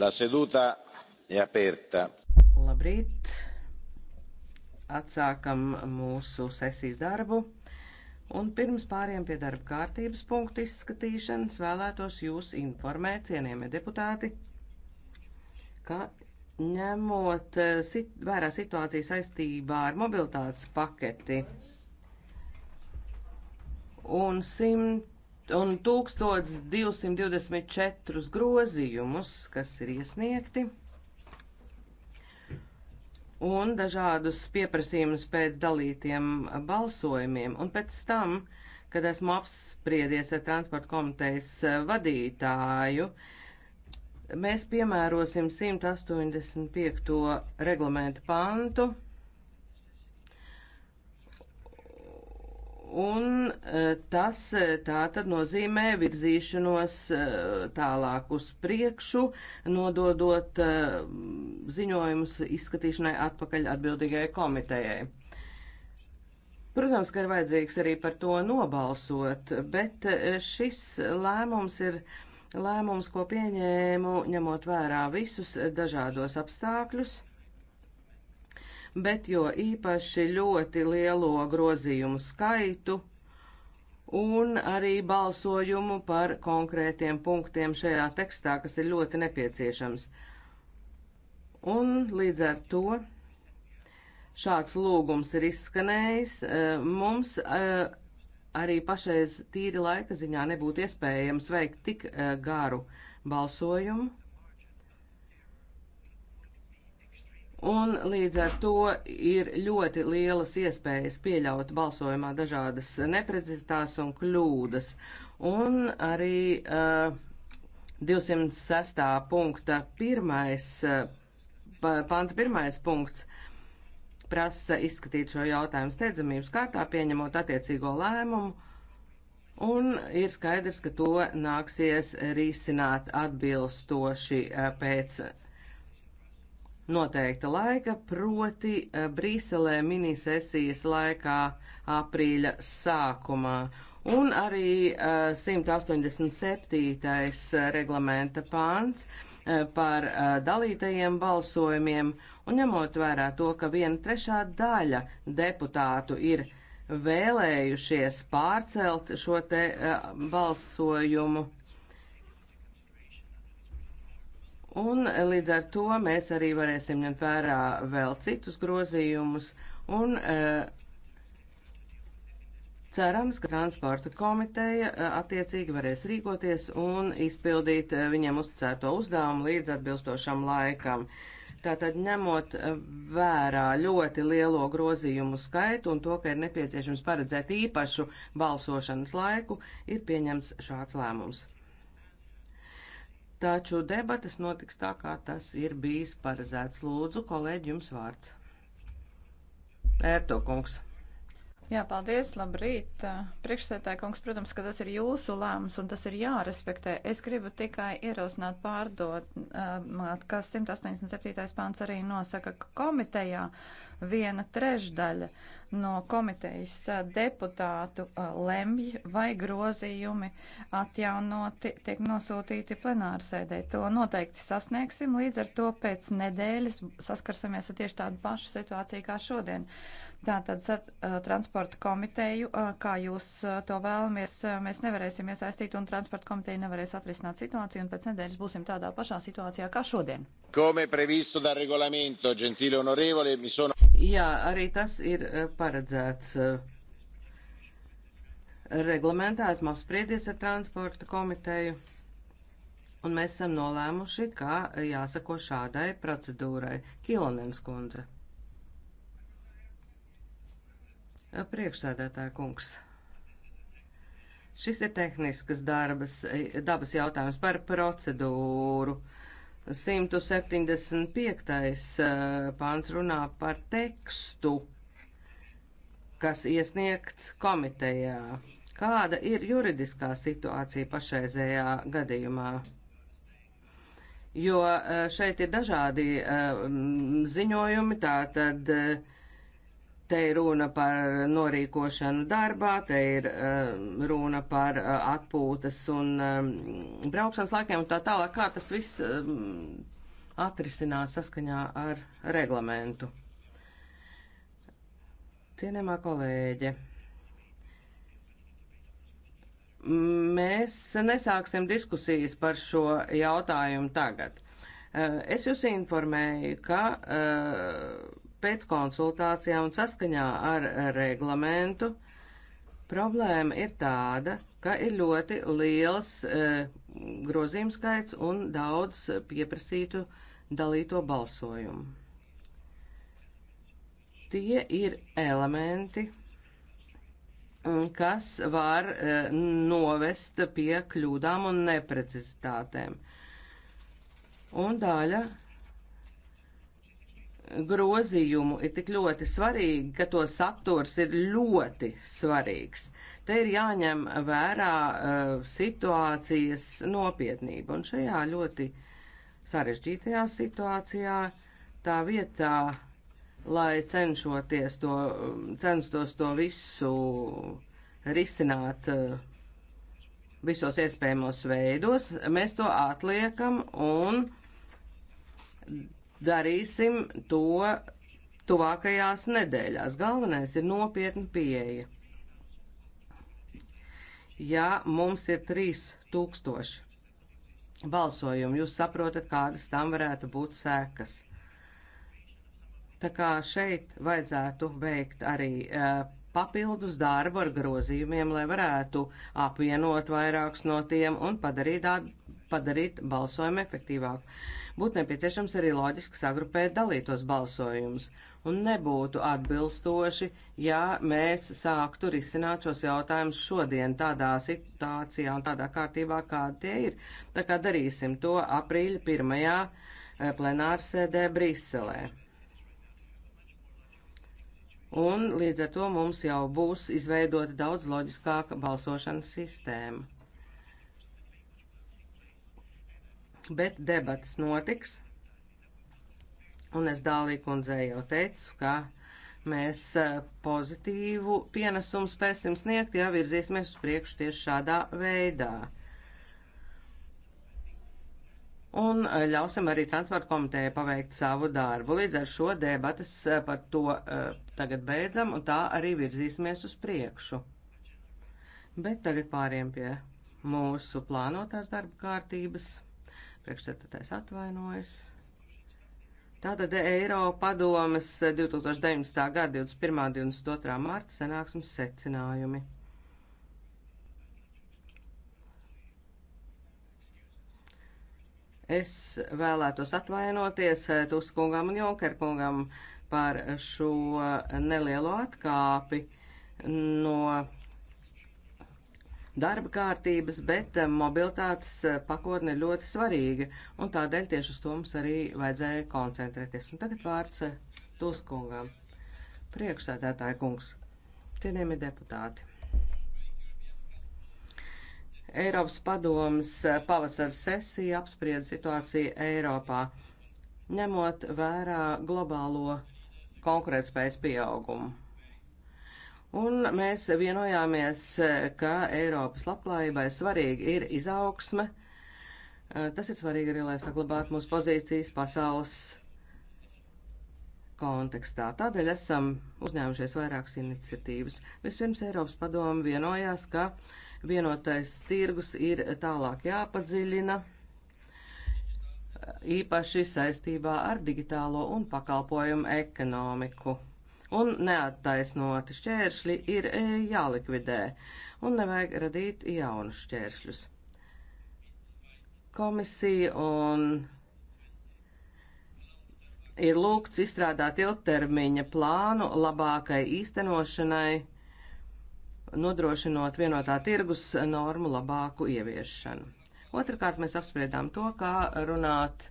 La seduta è aperta. Labrīt. Atsākam mūsu sesijas darbu. Un pirms pāriem pie darba kārtības punktu izskatīšanas vēlētos jūs informēt, cienījamie deputāti, ka ņemot eh, sit, vērā situāciju saistībā ar mobilitātes paketi un simt un 1224 grozījumus, kas ir iesniegti, un dažādus pieprasījumus pēc dalītiem balsojumiem. Un pēc tam, kad esmu apspriedies ar transporta komitejas vadītāju, mēs piemērosim 185. reglamentu pantu Un e, tas e, tā tad nozīmē virzīšanos e, tālāk uz priekšu, nododot ziņojumus izskatīšanai atpakaļ atbildīgajai komitejai. Protams, ka ir vajadzīgs arī par to nobalsot, bet šis lēmums ir lēmums, ko pieņēmu, ņemot vērā visus dažādos apstākļus bet jo īpaši ļoti lielo grozījumu skaitu un arī balsojumu par konkrētiem punktiem šajā tekstā, kas ir ļoti nepieciešams. Un līdz ar to šāds lūgums ir izskanējis. E, mums e, arī pašreiz tīri laika ziņā nebūtu iespējams veikt tik e, garu balsojumu. Un līdz ar to ir ļoti lielas iespējas pieļaut balsojumā dažādas neprecizitātes un kļūdas. Un arī uh, eh, 206. punkta pirmais, uh, panta pirmais punkts prasa izskatīt šo jautājumu steidzamības kārtā, pieņemot attiecīgo lēmumu. Un ir skaidrs, ka to nāksies risināt atbilstoši uh, pēc noteikta laika, proti eh, Brīselē minisesijas laikā aprīļa sākumā. Un arī 187. Eh, reglamenta pāns eh, par dalītajiem balsojumiem, un ņemot vērā to, ka viena trešā daļa deputātu ir vēlējušies pārcelt šo te balsojumu Un līdz ar to mēs arī varēsim ņemt vērā vēl citus grozījumus un uh, cerams, ka transporta komiteja eh, attiecīgi varēs rīkoties un izpildīt eh, viņiem uzticēto uzdevumu līdz atbilstošam laikam. Tātad ņemot vērā ļoti lielo grozījumu skaitu un to, ka ir nepieciešams paredzēt īpašu balsošanas laiku, ir pieņemts šāds lēmums taču debatas notiks tā, kā tas ir bijis paredzēts. Lūdzu, kolēģi, jums vārds. Pērto kungs. Jā, paldies, labrīt. Priekšsētāji kungs, protams, ka tas ir jūsu lēmums un tas ir jārespektē. Es gribu tikai ierosināt pārdot, um, ka 187. pāns arī nosaka, ka komitejā viena trešdaļa no komitejas deputātu lemj, vai grozījumi atjaunoti tiek nosūtīti plenārsēdē. To noteikti sasniegsim, līdz ar to pēc nedēļas saskarsimies ar tieši tādu pašu situāciju kā šodien. Tātad transporta komiteju, kā jūs to vēlamies, mēs nevarēsim iesaistīt un transporta komiteja nevarēs atrisināt situāciju un pēc nedēļas būsim tādā pašā situācijā kā šodien. Come previsto dal regolamento, gentile onorevole, mi sono... Jā, arī tas ir eh, paredzēts eh, reglamentā. Esmu apspriedies ar transporta komiteju, un mēs esam nolēmuši, kā jāsako šādai procedūrai. Kilonens kundze. Eh, priekšsēdētāja kungs. Šis ir tehnisks darbas, dabas jautājums par procedūru. Uh, 175. Eh, pāns runā par tekstu, kas iesniegts komitejā. Kāda ir juridiskā situācija pašreizējā gadījumā? Jo eh, šeit ir dažādi eh, ziņojumi, tātad Te ir runa par norīkošanu darbā, te ir uh, runa par uh, atpūtas un um, braukšanas laikiem un tā tālāk, kā tas viss um, atrisinās saskaņā ar reglamentu. Cienījamā kolēģe, mēs nesāksim diskusijas par šo jautājumu tagad. Uh, es jūs informēju, ka uh, Pēc konsultācijām un saskaņā ar reglamentu problēma ir tāda, ka ir ļoti liels e, grozījums skaits un daudz pieprasītu dalīto balsojumu. Tie ir elementi, mm, kas var e, novest pie kļūdām un neprecizitātēm. Un daļa grozījumu ir tik ļoti svarīgi, ka to saturs ir ļoti svarīgs. Te ir jāņem vērā uh, situācijas nopietnība, un šajā ļoti sarežģītajā situācijā tā vietā, lai cenšoties to, censtos to visu risināt uh, visos iespējamos veidos, mēs to atliekam un darīsim to tuvākajās nedēļās. Galvenais ir nopietna pieeja. Ja mums ir 3000 balsojumu, jūs saprotat, kādas tam varētu būt sēkas. Tā kā šeit vajadzētu veikt arī uh, papildus darbu ar grozījumiem, lai varētu apvienot vairākus no tiem un padarīt tādu padarīt balsojumu efektīvāku. Būtu nepieciešams arī loģiski sagrupēt dalītos balsojumus, un nebūtu atbilstoši, ja mēs sāktu risināt šos jautājumus šodien tādā situācijā un tādā kārtībā, kāda tie ir. Tā kā darīsim to aprīļa pirmajā eh, plenārsēdē Briselē. Un līdz ar to mums jau būs izveidota daudz loģiskāka balsošanas sistēma. bet debats notiks. Un es Dālī kundzei jau teicu, ka mēs eh, pozitīvu pienesumu spēsim sniegt, ja virzīsimies uz priekšu tieši šādā veidā. Un eh, ļausim arī transporta komitejai paveikt savu darbu. Līdz ar šo debatas eh, par to tagad beidzam, un tā arī virzīsimies uz priekšu. Bet tagad pāriem pie mūsu plānotās darba kārtības. Priekšsēdētājs atvainojas. Tātad Eiropadomes 2019. gada 21. un 22. marta sanāksmes secinājumi. Es vēlētos atvainoties eh, Tuskungam un Jonkerkungam par šo nelielo atkāpi no darba kārtības, bet eh, mobilitātes eh, pakotne ir ļoti svarīga, un tādēļ tieši uz to mums arī vajadzēja koncentrēties. Un tagad vārds eh, Tuskungam. Priekšsēdētāja kungs, cienījami deputāti. Eiropas padomas pavasara sesija apsprieda situāciju Eiropā, ņemot vērā globālo konkurētspējas pieaugumu. Un mēs vienojāmies, ka Eiropas labklājībai svarīgi ir izaugsme. Eh, tas ir svarīgi arī, lai saglabātu mūsu pozīcijas pasaules kontekstā. Tādēļ esam uzņēmušies vairākas iniciatīvas. Vispirms Eiropas padomu vienojās, ka vienotais tirgus ir tālāk jāpadziļina, eh, īpaši saistībā ar digitālo un pakalpojumu ekonomiku un neattaisnoti šķēršļi ir e, jālikvidē, un nevajag radīt jaunus šķēršļus. Komisija un ir lūgts izstrādāt ilgtermiņa plānu labākai īstenošanai, nodrošinot vienotā tirgus normu labāku ieviešanu. Otrakārt, mēs apspriedām to, kā runāt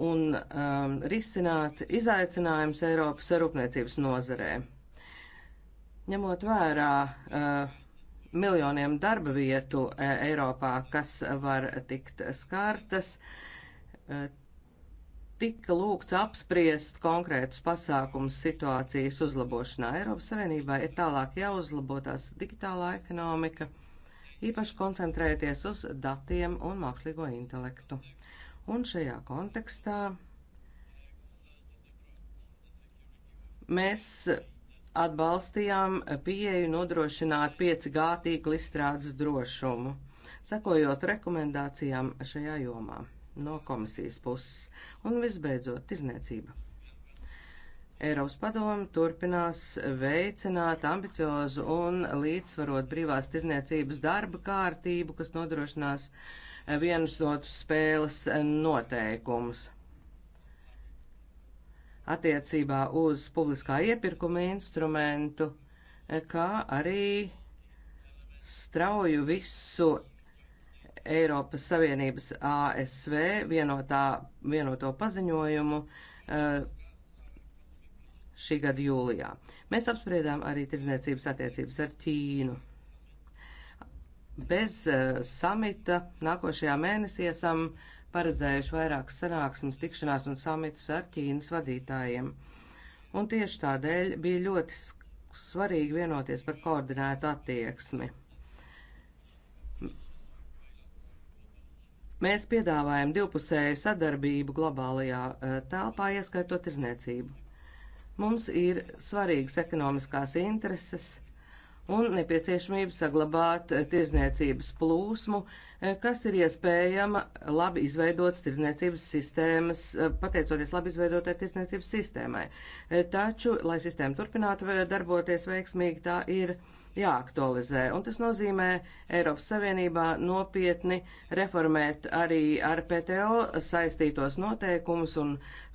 un um, risināt izaicinājumus Eiropas rūpniecības nozarē. Ņemot vērā uh, miljoniem darba vietu uh, Eiropā, kas var tikt skārtas, uh, tika lūgts apspriest konkrētus pasākumus situācijas uzlabošanā. Eiropas Savienībā ir tālāk jāuzlabotās digitālā ekonomika, īpaši koncentrēties uz datiem un mākslīgo intelektu. Un šajā kontekstā mēs atbalstījām pieeju nodrošināt 5G tīkla izstrādes drošumu, sekojot rekomendācijām šajā jomā no komisijas puses. Un visbeidzot, tirzniecība. Eiropas padomu turpinās veicināt ambiciozu un līdzsvarot brīvās tirzniecības darba kārtību, kas nodrošinās uh, vienus otru spēles noteikumus. Attiecībā uz publiskā iepirkuma instrumentu, kā arī strauju visu Eiropas Savienības ASV vienotā, vienoto paziņojumu eh, šī gada jūlijā. Mēs apspriedām arī tirdzniecības attiecības ar Ķīnu bez uh, samita nākošajā mēnesī esam paredzējuši vairākas sanāksmes, tikšanās un samitus ar Ķīnas vadītājiem. Un tieši tādēļ bija ļoti svarīgi vienoties par koordinētu attieksmi. Mēs piedāvājam divpusēju sadarbību globālajā eh, telpā, ieskaitot tirzniecību. Mums ir svarīgas ekonomiskās intereses, un nepieciešamību saglabāt eh, tirzniecības plūsmu, eh, kas ir iespējama labi izveidotas tirzniecības sistēmas, eh, pateicoties labi izveidotai tirzniecības sistēmai. Taču, lai sistēma turpinātu darboties veiksmīgi, tā ir jāaktualizē, un tas nozīmē Eiropas Savienībā nopietni reformēt arī ar PTO saistītos noteikumus un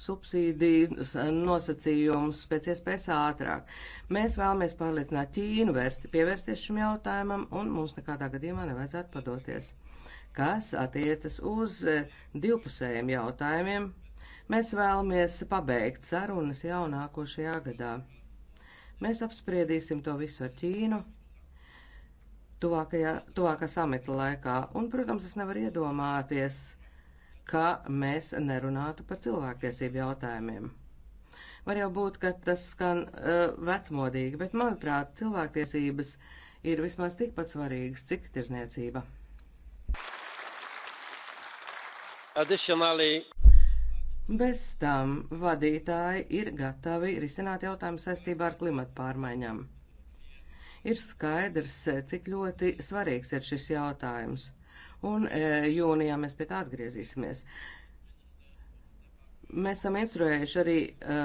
subsīdiju nosacījumus pēc iespējas ātrāk. Mēs vēlamies pārliecināt Ķīnu vērsti, pievērsties šim jautājumam, un mums nekādā gadījumā nevajadzētu padoties. Kas attiecas uz divpusējiem jautājumiem, mēs vēlamies pabeigt sarunas jaunāko šajā gadā. Mēs apspriedīsim to visu ar Ķīnu tuvākajā, tuvākā samita laikā. Un, protams, es nevaru iedomāties, ka mēs nerunātu par cilvēktiesību jautājumiem. Var jau būt, ka tas skan uh, vecmodīgi, bet, manuprāt, cilvēktiesības ir vismaz tikpat svarīgas, cik tirzniecība. Additionally, Bez tam vadītāji ir gatavi risināt jautājumu saistībā ar klimatu pārmaiņām. Ir skaidrs, cik ļoti svarīgs ir šis jautājums, un e, jūnijā mēs pie tā atgriezīsimies. Mēs esam instruējuši arī e,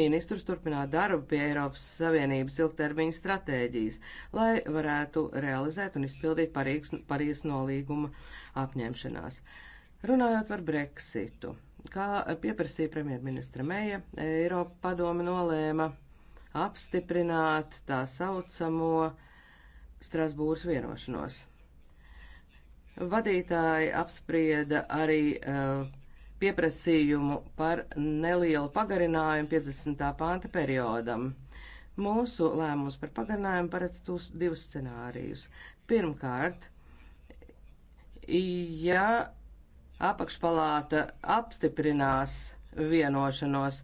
ministrus turpināt darbu pie Eiropas Savienības ilgtermiņa stratēģijas, lai varētu realizēt un izpildīt Parīzes nolīguma apņemšanās. Runājot par Brexitu. Kā pieprasīja premjerministra Meija, Eiropa padoma nolēma apstiprināt tā saucamo Strasbūras vienošanos. Vadītāji apsprieda arī uh, pieprasījumu par nelielu pagarinājumu 50. panta periodam. Mūsu lēmums par pagarinājumu paredz tūs divus scenārijus. Pirmkārt, ja apakšpalāta apstiprinās vienošanos,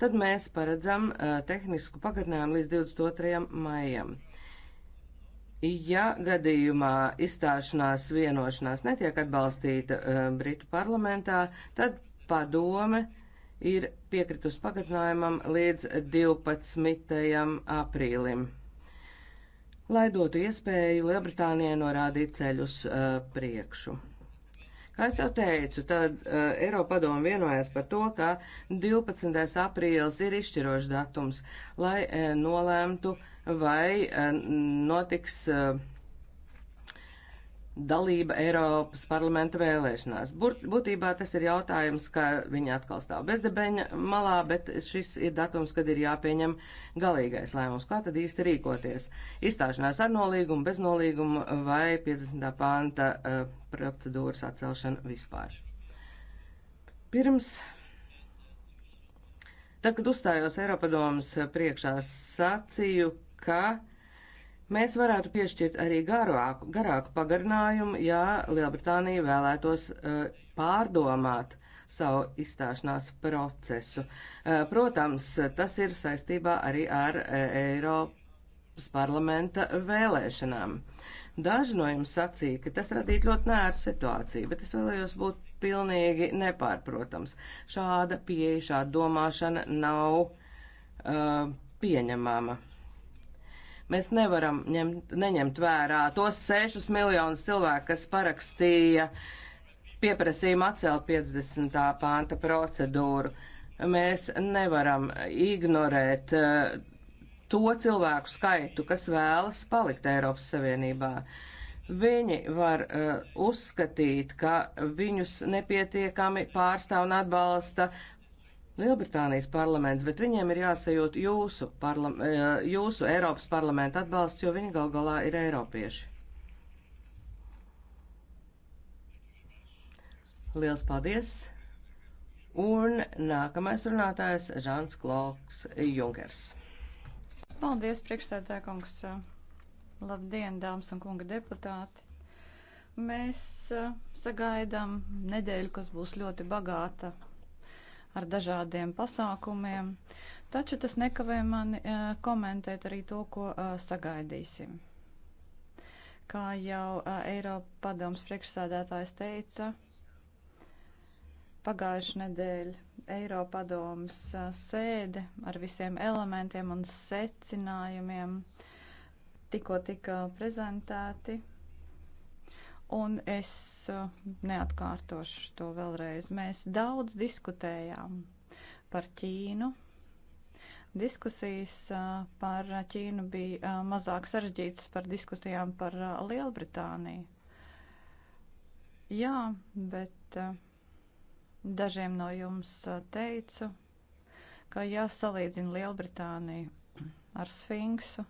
tad mēs paredzam eh, tehnisku pagarinājumu līdz 22. maijam. Ja gadījumā izstāšanās vienošanās netiek atbalstīta uh, Britu parlamentā, tad padome ir piekritus pagarinājumam līdz 12. aprīlim, lai dotu iespēju Lielbritānijai norādīt ceļus uh, priekšu. Kā es jau teicu, tad uh, Eiropa padomu vienojās par to, ka 12. aprīlis ir izšķirošs datums, lai uh, nolēmtu, vai uh, notiks. Uh, dalība Eiropas parlamenta vēlēšanās. Burt, būtībā tas ir jautājums, ka viņi atkal stāv bezdebeņa malā, bet šis ir datums, kad ir jāpieņem galīgais lēmums. Kā tad īsti rīkoties? Izstāšanās ar nolīgumu, bez nolīgumu vai 50. panta uh, procedūras atcelšana vispār? Pirms. Tad, kad uzstājos Eiropadomas priekšā, sacīju, ka uh, Mēs varētu piešķirt arī garāku, garāku pagarinājumu, ja Lielbritānija vēlētos uh, pārdomāt savu izstāšanās procesu. Uh, protams, tas ir saistībā arī ar uh, Eiropas parlamenta vēlēšanām. Daži no jums sacīja, ka tas radītu ļoti nēru situāciju, bet es vēlējos būt pilnīgi nepārprotams. Šāda pieeja, šāda domāšana nav uh, pieņemama. Mēs nevaram ņemt, neņemt vērā tos 6 miljonus cilvēku, kas parakstīja pieprasījumu atcelt 50. pānta procedūru. Mēs nevaram ignorēt eh, to cilvēku skaitu, kas vēlas palikt Eiropas Savienībā. Viņi var uh, uzskatīt, ka viņus nepietiekami pārstāv un atbalsta Lielbritānijas parlaments, bet viņiem ir jāsajūt jūsu, parla, eh, jūsu Eiropas parlamenta atbalsts, jo viņi gal galā ir eiropieši. Liels paldies! Un nākamais runātājs - Žants Kloks Junkers. Paldies, priekšstādāja kungs! Labdien, dāmas un kunga deputāti! Mēs eh, sagaidām nedēļu, kas būs ļoti bagāta ar dažādiem pasākumiem, taču tas nekavē mani e, komentēt arī to, ko e, sagaidīsim. Kā jau e, Eiropa padoms priekšsādātājs teica, pagājuši nedēļ Eiropa padoms sēde ar visiem elementiem un secinājumiem tikko tika prezentēti Un es uh, neatkārtošu to vēlreiz. Mēs daudz diskutējām par Ķīnu. Diskusijas uh, par Ķīnu bija uh, mazāk sarežģītas par diskusijām par Lielbritāniju. Jā, bet dažiem no jums teicu, ka jāsalīdzina Lielbritāniju ar Sfinksu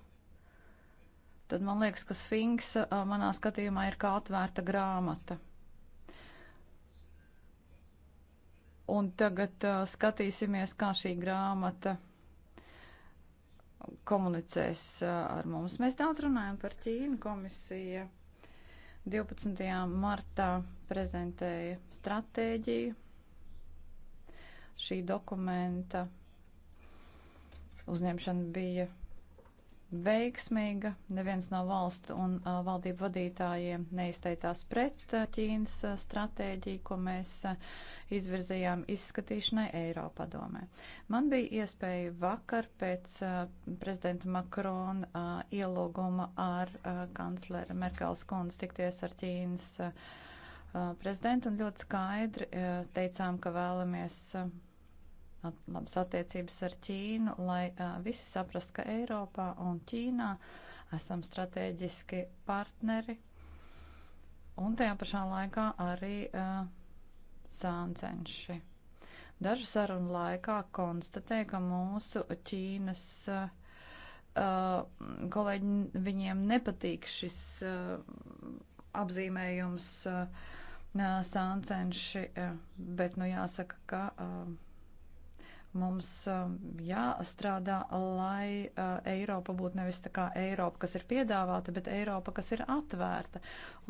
tad man liekas, ka Sfinks manā skatījumā ir kā atvērta grāmata. Un tagad uh, skatīsimies, kā šī grāmata komunicēs uh, ar mums. Mēs daudz runājam par Ķīnu komisiju. 12. martā prezentēja stratēģiju šī dokumenta uzņemšana bija veiksmīga. Neviens no valstu un uh, valdību vadītājiem neizteicās pret uh, Ķīnas uh, stratēģiju, ko mēs uh, izvirzījām izskatīšanai Eiropadomē. Man bija iespēja vakar pēc uh, prezidenta Makrona uh, ielūguma ar uh, kanclera Merkels kundzi tikties ar Ķīnas uh, prezidentu un ļoti skaidri uh, teicām, ka vēlamies. Uh, labas attiecības ar Ķīnu, lai uh, visi saprast, ka Eiropā un Ķīnā esam strateģiski partneri un tajā pašā laikā arī uh, sāncenši. Dažu sarunu laikā konstatēja, ka mūsu Ķīnas uh, kolēģi viņiem nepatīk šis uh, apzīmējums uh, sāncenši, uh, bet nu jāsaka, ka. Uh, Mums um, jāstrādā, lai uh, Eiropa būtu nevis tā kā Eiropa, kas ir piedāvāta, bet Eiropa, kas ir atvērta.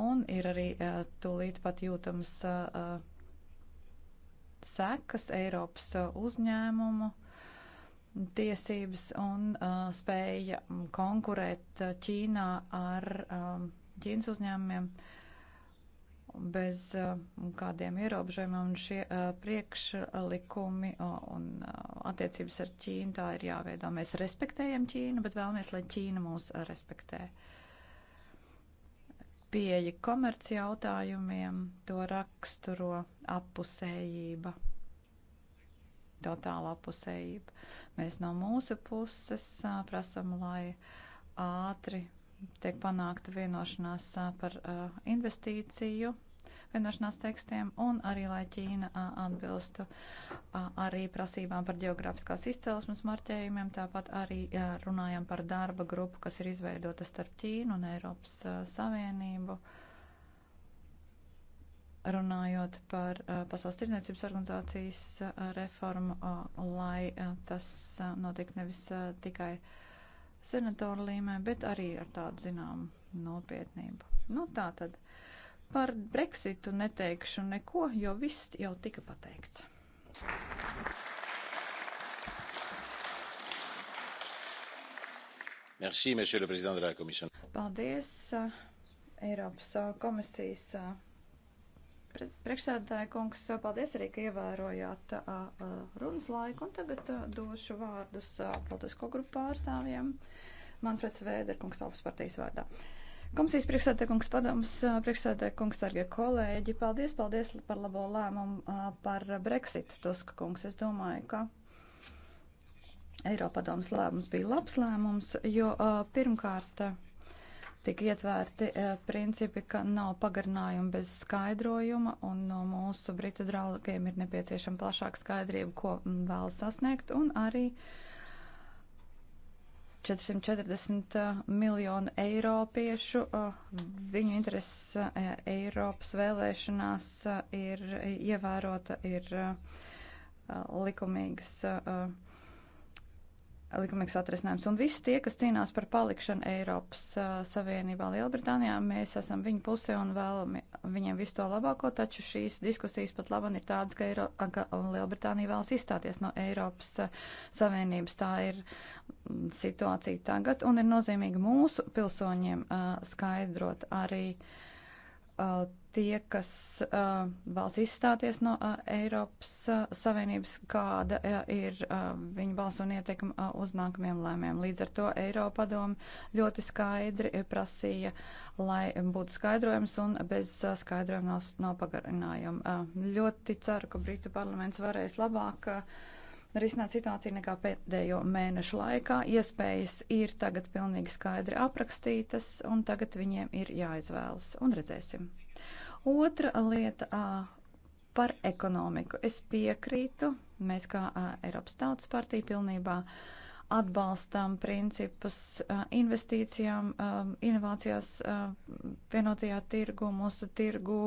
Un ir arī uh, tūlīt pat jūtams uh, sekas Eiropas uzņēmumu tiesības un uh, spēja konkurēt Ķīnā ar um, Ķīnas uzņēmumiem. Uh, bez uh, kādiem ierobežojumiem, un šie uh, priekšlikumi un uh, attiecības ar Ķīnu tā ir jāveido. Mēs respektējam Ķīnu, bet vēlamies, lai Ķīna mūs respektē. Pieeja komerci jautājumiem to raksturo apusējība, totāla apusējība. Mēs no mūsu puses prasam, lai ātri tiek panākta vienošanās par investīciju vienošanās tekstiem un arī, lai Ķīna atbilstu arī prasībām par geogrāfiskās izcelsmes marķējumiem. Tāpat arī runājam par darba grupu, kas ir izveidota starp Ķīnu un Eiropas Savienību runājot par uh, Pasaules tirdzniecības organizācijas uh, reformu, uh, lai uh, tas uh, notiek nevis uh, tikai senatoru līmē, bet arī ar tādu zināmu nopietnību. Nu, tā tad Par Brexitu neteikšu neko, jo viss jau tika pateikts. Merci, monsieur le président de la commission. Paldies, Eiropas komisijas priekšsēdētāja kungs. Paldies arī, ka ievērojāt runas laiku. Un tagad došu vārdus politisko grupu pārstāvjiem. Manfreds Vēderkungs, Alpas partijas vārdā. Uh, Komisijas priekšsēdētājs, padoms priekšsēdētājs, darbie kolēģi, paldies, paldies par labo lēmumu par Brexit. Tuska kungs, es domāju, ka Eiropadomas lēmums bija labs lēmums, jo pirmkārt tika ietvērti principi, ka nav pagarinājuma bez skaidrojuma, un no mūsu britu draugiem ir nepieciešama plašāka skaidrība, ko vēlas sasniegt, un arī uh, 440 eh, miljonu eiropiešu. Eh, viņu interesi eh, Eiropas vēlēšanās ir ievērota, ir likumīgas likumīgs atrisinājums. Un visi tie, kas cīnās par palikšanu Eiropas uh, Savienībā Lielbritānijā, mēs esam viņu pusē un vēlam viņiem visu to labāko, taču šīs diskusijas pat laban ir tādas, ka, Eiro, ka Lielbritānija vēlas izstāties no Eiropas uh, Savienības. Tā ir situācija tagad un ir nozīmīgi mūsu pilsoņiem uh, skaidrot arī uh, Uh, tie, kas uh, vēlas izstāties no uh, Eiropas Savienības, kāda ir viņu balsu un ietekme uz nākamajiem lēmiem. Līdz ar to Eiropa padomu ļoti skaidri prasīja, lai būtu skaidrojums un bez skaidrojuma nav, nav pagarinājuma. Ļoti ceru, ka Britu parlaments varēs labāk. Uh, risināt situāciju nekā pēdējo mēnešu laikā. Iespējas ir tagad pilnīgi skaidri aprakstītas, un tagad viņiem ir jāizvēlas, un redzēsim. Otra lieta par ekonomiku. Es piekrītu, mēs kā Eiropas Tautas partija pilnībā atbalstām principus investīcijām, inovācijās, vienotajā tirgu, mūsu tirgu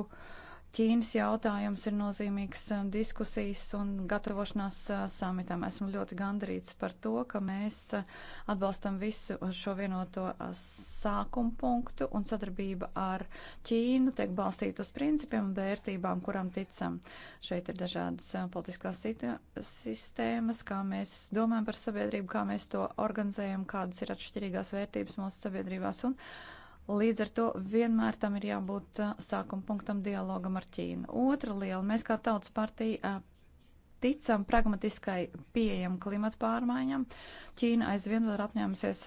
Ķīnas jautājums ir nozīmīgs um, diskusijas un gatavošanās uh, samitam. Esmu ļoti gandrīts par to, ka mēs uh, atbalstam visu uh, šo vienoto sākumu punktu un sadarbība ar Ķīnu tiek balstīta uz principiem un vērtībām, kuram ticam. Šeit ir dažādas politiskās sistēmas, kā mēs domājam par sabiedrību, kā mēs to organizējam, kādas ir atšķirīgās vērtības mūsu sabiedrībās. Un Līdz ar to vienmēr tam ir jābūt sākuma punktam dialogam ar Ķīnu. Otra liela, mēs kā tautas partija ticam pragmatiskai pieejam klimata pārmaiņam. Ķīna aizvien vēl ir apņēmusies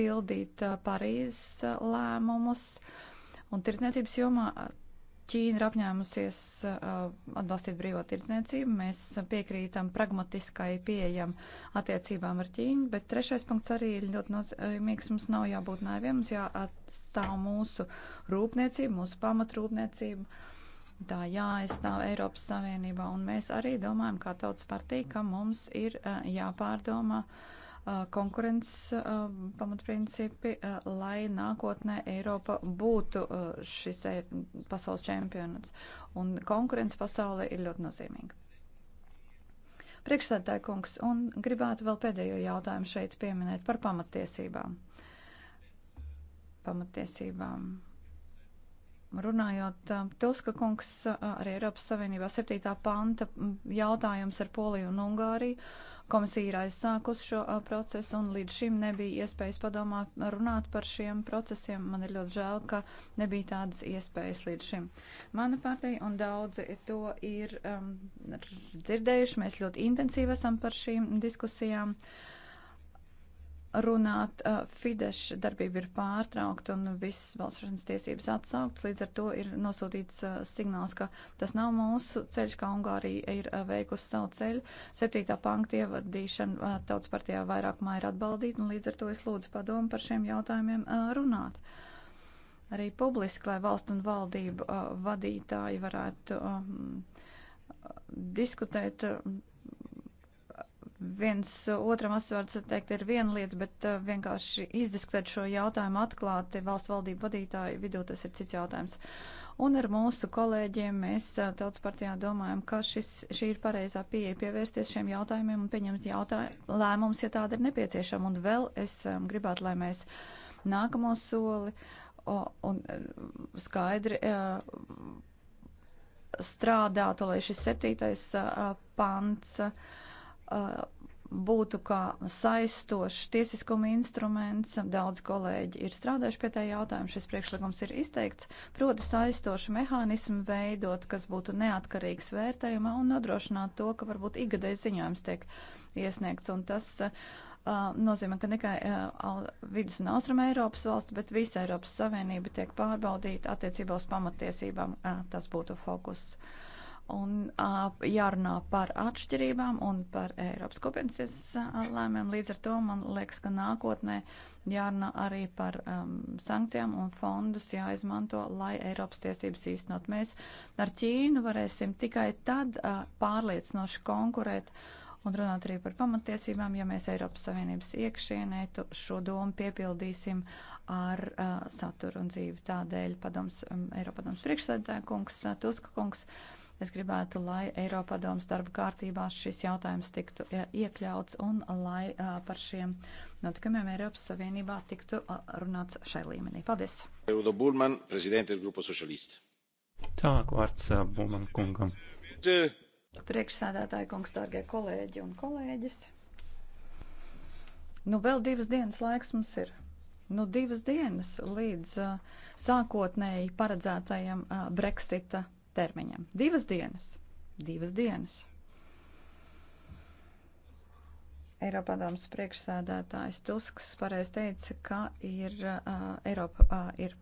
pildīt Parīzes lēmumus. Un tirdzniecības jomā Ķīna ir apņēmusies uh, atbalstīt brīvo tirdzniecību. Mēs piekrītam pragmatiskai pieejam attiecībām ar Ķīnu, bet trešais punkts arī ir ļoti nozīmīgs. Mums nav jābūt naiviem, mums jāatstāv mūsu rūpniecību, mūsu pamatrūpniecību. Tā jāaizstāv Eiropas Savienībā, un mēs arī domājam, kā tautas partija, ka mums ir uh, jāpārdomā. Uh, Uh, konkurences uh, pamatprincipi, uh, lai nākotnē Eiropa būtu šis e, pasaules čempionats. Un konkurence pasaulē ir ļoti nozīmīga. Priekšsēdētāja kungs, un gribētu vēl pēdējo jautājumu šeit pieminēt par pamatiesībām. Pamatiesībām Runājot, um, Tuska kungs uh, arī Eiropas Savienībā 7. panta mm, jautājums ar Poliju un Ungāriju. Komisija ir aizsākusi šo uh, procesu un līdz šim nebija iespējas padomāt runāt par šiem procesiem. Man ir ļoti žēl, ka nebija tādas iespējas līdz šim. Mana partija un daudzi to ir um, dzirdējuši. Mēs ļoti intensīvi esam par šīm diskusijām. Uh, runāt. Uh, Fideša darbība ir pārtraukta un viss balsošanas tiesības atsauktas. Līdz ar to ir nosūtīts uh, signāls, ka tas nav mūsu ceļš, kā Ungārija ir uh, veikusi savu ceļu. Septītā pankta ievadīšana tautas partijā vairākumā ir atbaldīta un līdz ar to es lūdzu padomu par šiem jautājumiem runāt. Arī publiski, lai valstu un valdību vadītāji varētu um, diskutēt. Uh, viens otram asvārds teikt ir viena lieta, bet eh, vienkārši izdiskutēt šo jautājumu atklāti valsts valdību vadītāju vidū tas ir cits jautājums. Un ar mūsu kolēģiem mēs eh, tautas partijā domājam, ka šis, šī ir pareizā pieeja pievērsties šiem jautājumiem un pieņemt jautājumu, lēmumus, ja tāda ir nepieciešama. Un vēl es eh, gribētu, lai mēs nākamo soli un skaidri strādātu, lai šis septītais pants. Uh, Uh, būtu kā saistošs tiesiskuma instruments. Daudz kolēģi ir strādājuši pie tā jautājuma. Šis priekšlikums ir izteikts, proti saistošu mehānismu veidot, kas būtu neatkarīgs vērtējumā un nodrošināt to, ka varbūt igadējas ziņojums tiek iesniegts. Un tas uh, nozīmē, ka ne tikai uh, vidus un austruma Eiropas valsts, bet visa Eiropas Savienība tiek pārbaudīta attiecībā uz pamatiesībām. Uh, tas būtu fokus. Uh, un uh, jārunā par atšķirībām un par Eiropas kopienas tiesas lēmēm. Līdz ar to man liekas, ka nākotnē jārunā arī par um, sankcijām un fondus jāizmanto, lai Eiropas tiesības īstenot. Mēs ar Ķīnu varēsim tikai tad uh, pārliecinoši konkurēt. Un runāt arī par pamatiesībām, ja mēs Eiropas Savienības iekšienē šo domu piepildīsim ar uh, saturu un dzīvi. Tādēļ padoms, um, Eiropadoms priekšsēdētāja kungs, uh, Tuska kungs, uh, Es gribētu, lai Eiropadomas darba kārtībās šis jautājums tiktu iekļauts un lai par šiem notikumiem Eiropas Savienībā tiktu runāts šai līmenī. Paldies! Eudo Bulman, prezidentes grupo socialisti. Tā, vārds Bulman kungam. Priekšsādātāji kungs, dārgie kolēģi un kolēģis. Nu, vēl divas dienas laiks mums ir nu, divas dienas līdz uh, sākotnēji paredzētajam uh, Brexita termiņam. Divas dienas. Divas dienas. Eiropadomas priekšsēdētājs Tusks pareiz teica, ka ir, uh, Eiropa, uh, ir,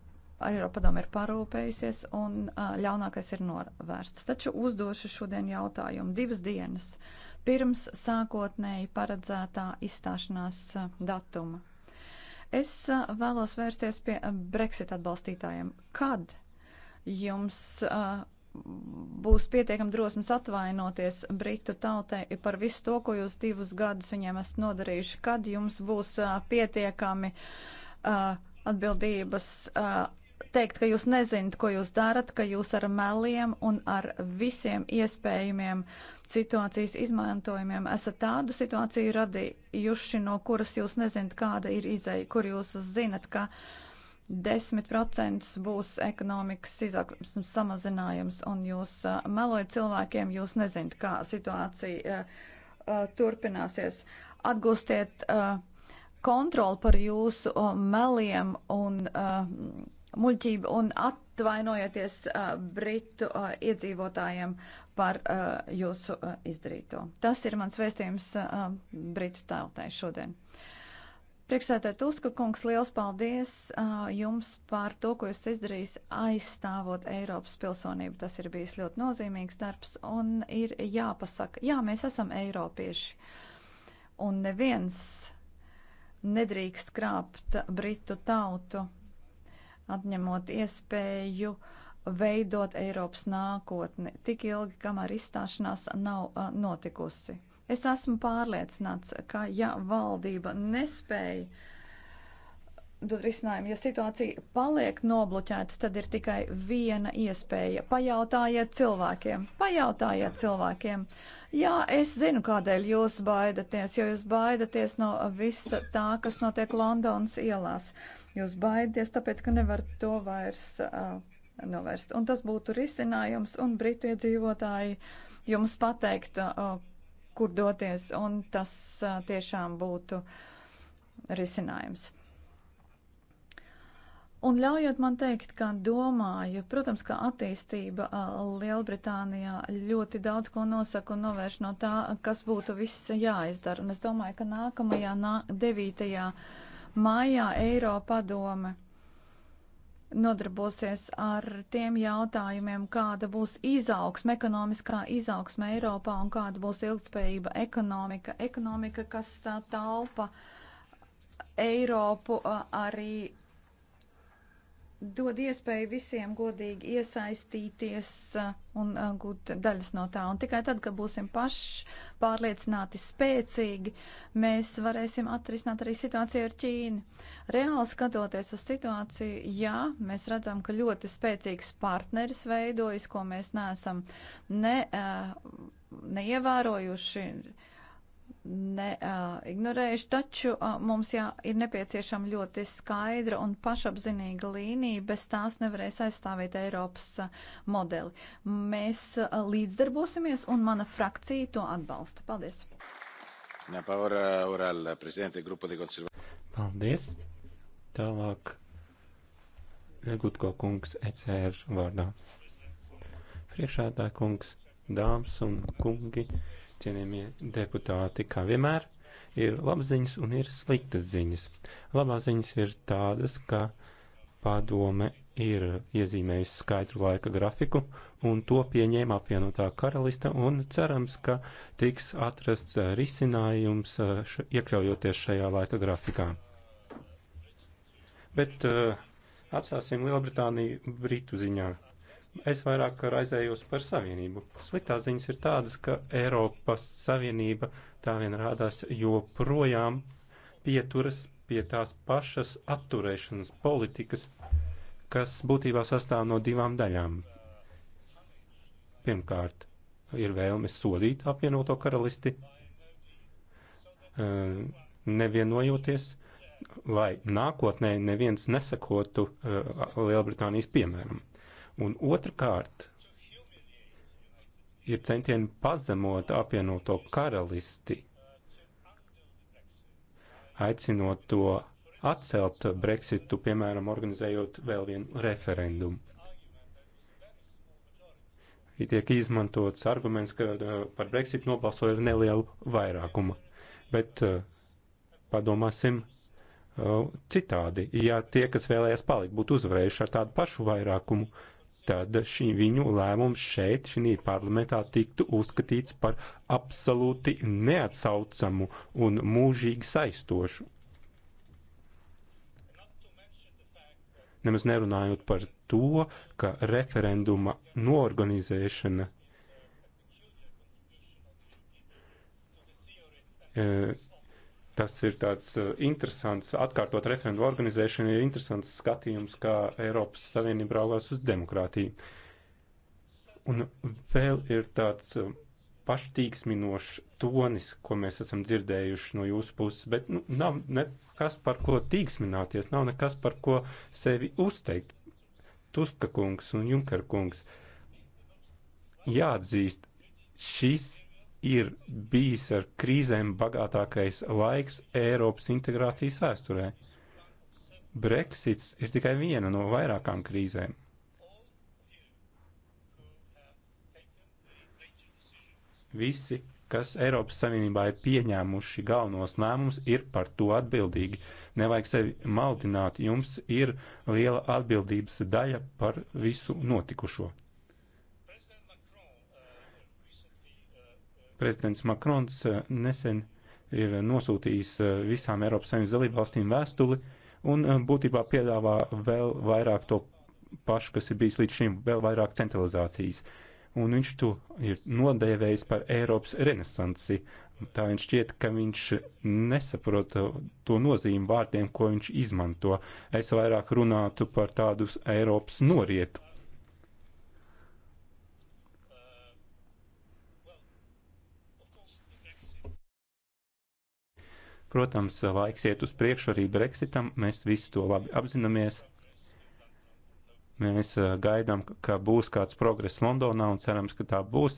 Eiropadoma ir parūpējusies un uh, ļaunākais ir novērsts. Taču uzdošu šodien jautājumu divas dienas pirms sākotnēji paredzētā izstāšanās datuma. Es uh, vēlos vērsties pie Brexit atbalstītājiem. Kad jums uh, būs pietiekami drosmas atvainoties Britu tautai par visu to, ko jūs divus gadus viņiem esat nodarījuši, kad jums būs uh, pietiekami uh, atbildības uh, teikt, ka jūs nezināt, ko jūs darat, ka jūs ar meliem un ar visiem iespējamiem situācijas izmantojumiem esat tādu situāciju radījuši, no kuras jūs nezināt, kāda ir izeja, kur jūs zinat, ka. Uh, 10% būs ekonomikas izaugsmas samazinājums, un jūs melojat cilvēkiem, jūs nezināt, kā situācija turpināsies. Atgūstiet kontroli par jūsu meliem un muļķību un atvainojieties Britu iedzīvotājiem par jūsu izdarīto. Tas ir mans vēstījums Britu tautai šodien. Priekšsētāji Tuska kungs, liels paldies uh, jums par to, ko jūs izdarījis aizstāvot Eiropas pilsonību. Tas ir bijis ļoti nozīmīgs darbs un ir jāpasaka, jā, mēs esam eiropieši. Un neviens nedrīkst krāpt britu tautu, atņemot iespēju veidot Eiropas nākotni tik ilgi, kamēr izstāšanās nav uh, notikusi. Es esmu pārliecināts, ka ja valdība nespēja dot risinājumu, ja situācija paliek nobloķēta, tad ir tikai viena iespēja. Pajautājiet cilvēkiem, pajautājiet cilvēkiem. Jā, es zinu, kādēļ jūs baidaties, jo jūs baidaties no visa tā, kas notiek Londonas ielās. Jūs baidaties, tāpēc, ka nevarat to vairs uh, novērst. Un tas būtu risinājums, un britu iedzīvotāji jums pateikt, uh, kur doties, un tas tiešām būtu risinājums. Un ļaujot man teikt, kā domāju, protams, ka attīstība Lielbritānijā ļoti daudz ko nosaka un novērš no tā, kas būtu viss jāizdara. Un es domāju, ka nākamajā nā, 9. maijā Eiropa padome nodarbosies ar tiem jautājumiem, kāda būs izaugsme, ekonomiskā izaugsme Eiropā un kāda būs ilgspējība ekonomika. Ekonomika, kas taupa Eiropu arī dod iespēju visiem godīgi iesaistīties uh, un uh, gūt daļas no tā. Un tikai tad, kad būsim paši pārliecināti, spēcīgi, mēs varēsim atrisināt arī situāciju ar Ķīnu. Reāli skatoties uz situāciju, jā, mēs redzam, ka ļoti spēcīgs partneris veidojas, ko mēs neesam ne, uh, neievērojuši. Uh, neignorējuši, taču a, mums jā, ir nepieciešama ļoti skaidra un pašapzinīga līnija, bez tās nevarēs aizstāvēt Eiropas a, modeli. Mēs a, līdzdarbosimies un mana frakcija to atbalsta. Paldies! Paldies! Tālāk Legutko kungs ECR vārdā. Priekšādāja kungs dāmas un kungi, cienījamie deputāti, kā vienmēr, ir labziņas un ir sliktas ziņas. Labā ziņas ir tādas, ka padome ir iezīmējusi skaidru laika grafiku, un to pieņēma apvienotā karalista, un cerams, ka tiks atrasts risinājums eh, š, iekļaujoties šajā laika grafikā. Bet uh, atstāsim Lielbritāniju Britu ziņā. Es vairāk raizējos par savienību. Sliktās ziņas ir tādas, ka Eiropas Savienība tā vien rādās joprojām pieturas pie tās pašas atturēšanas politikas, kas būtībā sastāv no divām daļām. Pirmkārt, ir vēlme sodīt apvienoto karalisti, eh, nevienojoties, lai nākotnē neviens nesakotu eh, Lielbritānijas piemēram. Un otrkārt, ir centieni pazemot apvienoto karalisti, aicinot to atcelt Brexitu, piemēram, organizējot vēl vienu referendumu. Ir tiek izmantots arguments, ka uh, par Brexit nobalsoja ar nelielu vairākumu, bet uh, padomāsim uh, citādi. Ja tie, kas vēlējās palikt, būtu uzvarējuši ar tādu pašu vairākumu, uh, tad šī viņu lēmums šeit, šī parlamentā, tiktu uzskatīts par absolūti neatsaucamu un mūžīgi saistošu. Nemaz nerunājot par to, ka referenduma norganizēšana e, Tas ir tāds uh, interesants, atkārtot referendu organizēšana ir interesants skatījums, kā Eiropas Savienība raugās uz demokrātiju. Un vēl ir tāds uh, paštīksminošs tonis, ko mēs esam dzirdējuši no jūsu puses, bet nu, nav nekas par ko tīksmināties, nav nekas par ko sevi uzteikt. Tuska kungs un Junker kungs jāatzīst, šis ir bijis ar krīzēm bagātākais laiks Eiropas integrācijas vēsturē. Brexits ir tikai viena no vairākām krīzēm. Visi, kas Eiropas Savienībā ir pieņēmuši galvenos lēmumus, ir par to atbildīgi. Nevajag sevi maldināt, jums ir liela atbildības daļa par visu notikušo. Prezidents Makrons eh, nesen ir nosūtījis eh, visām Eiropas Savienības dalībvalstīm vēstuli un eh, būtībā piedāvā vēl vairāk to pašu, kas ir bijis līdz šim, vēl vairāk centralizācijas. Un viņš to ir nodēvējis par Eiropas renesansi. Tā viņš šķiet, ka viņš nesaprot to nozīmi vārdiem, ko viņš izmanto. Es vairāk runātu par tādus Eiropas norietu Protams, laiks iet uz priekšu arī Brexitam, mēs visi to labi apzināmies. Mēs eh, gaidām, ka būs kāds progress Londonā un cerams, ka tā būs,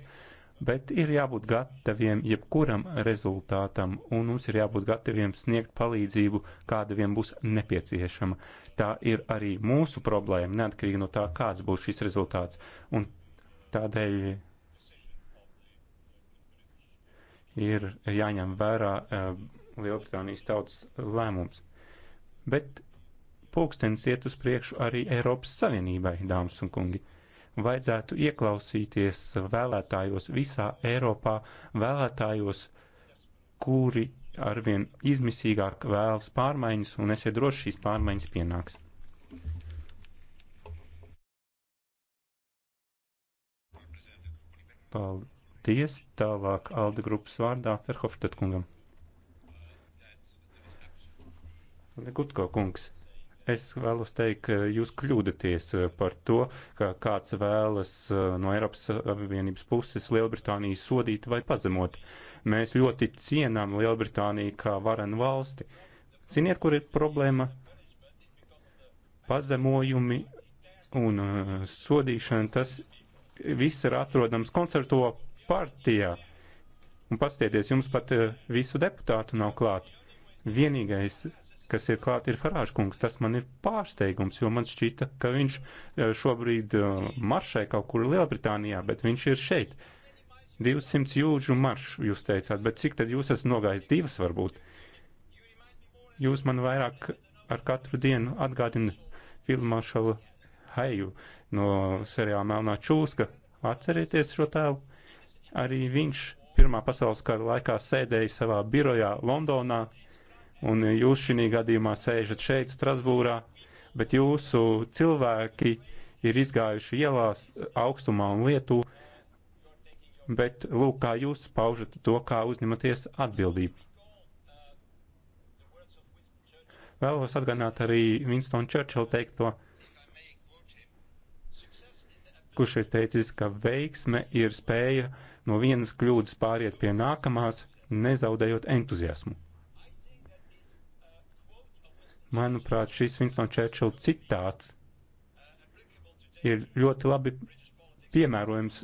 bet ir jābūt gataviem jebkuram rezultātam un mums ir jābūt gataviem sniegt palīdzību, kāda vien būs nepieciešama. Tā ir arī mūsu problēma, neatkarīgi no tā, kāds būs šis rezultāts. Un tādēļ ir jāņem vērā eh, Lielbritānijas tautas lēmums. Bet pulkstenis iet uz priekšu arī Eiropas Savienībai, dāmas un kungi. Vajadzētu ieklausīties vēlētājos visā Eiropā, vēlētājos, kuri arvien izmisīgāk vēlas pārmaiņas, un esiet droši, šīs pārmaiņas pienāks. Paldies! Tālāk Alde grupas vārdā Ferhofstad kungam. Gutko kungs, es vēlos teikt, ka jūs kļūdaties eh, par to, ka kāds vēlas eh, no Eiropas Savienības puses Lielbritāniju sodīt vai pazemot. Mēs ļoti cienām Lielbritāniju kā varenu valsti. Ziniet, kur ir problēma? Pazemojumi un eh, sodīšana, tas viss ir atrodams koncerto partijā. Un pastieties, jums pat visu deputātu nav klāt. Vienīgais kas ir klāt, ir Farāžkungs. Tas man ir pārsteigums, jo man šķita, ka viņš eh, šobrīd eh, maršē kaut kur Lielbritānijā, bet viņš ir šeit. 200 jūžu marš, jūs teicāt, bet cik tad jūs esat nogājis? Divas varbūt. Jūs man vairāk ar katru dienu atgādina filmā šo Heju no seriāla Melnā Čūska. Atcerieties šo tēlu. Arī viņš Pirmā pasaules kara laikā sēdēja savā birojā Londonā un jūs šī gadījumā sēžat šeit, Strasbūrā, bet jūsu cilvēki ir izgājuši ielās augstumā un lietu, bet lūk, kā jūs paužat to, kā uzņematies atbildību. Vēlos atgādināt arī Winston Churchill teikto, kurš ir teicis, ka veiksme ir spēja no vienas kļūdas pāriet pie nākamās, nezaudējot entuziasmu. Manuprāt, šis Winston Churchill citāts ir ļoti labi piemērojams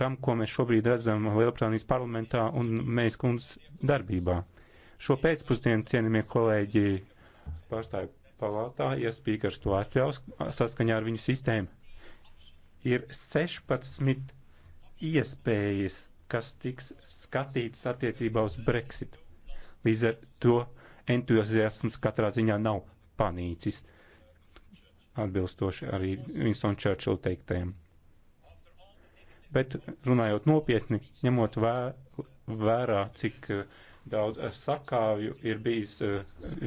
tam, ko mēs šobrīd redzam Lielbritānijas parlamentā un mēs kundzes darbībā. Šo pēcpusdienu, cienījamie kolēģi, pārstāju palātā, ja spīkars to atļaus, saskaņā ar viņu sistēmu, ir 16 iespējas, kas tiks skatītas attiecībā uz Brexit. Līdz ar to entuziasms katrā ziņā nav panīcis, atbilstoši arī Winston Churchill teiktajiem. Bet runājot nopietni, ņemot vērā, cik eh, daudz eh, sakāvju ir bijis eh,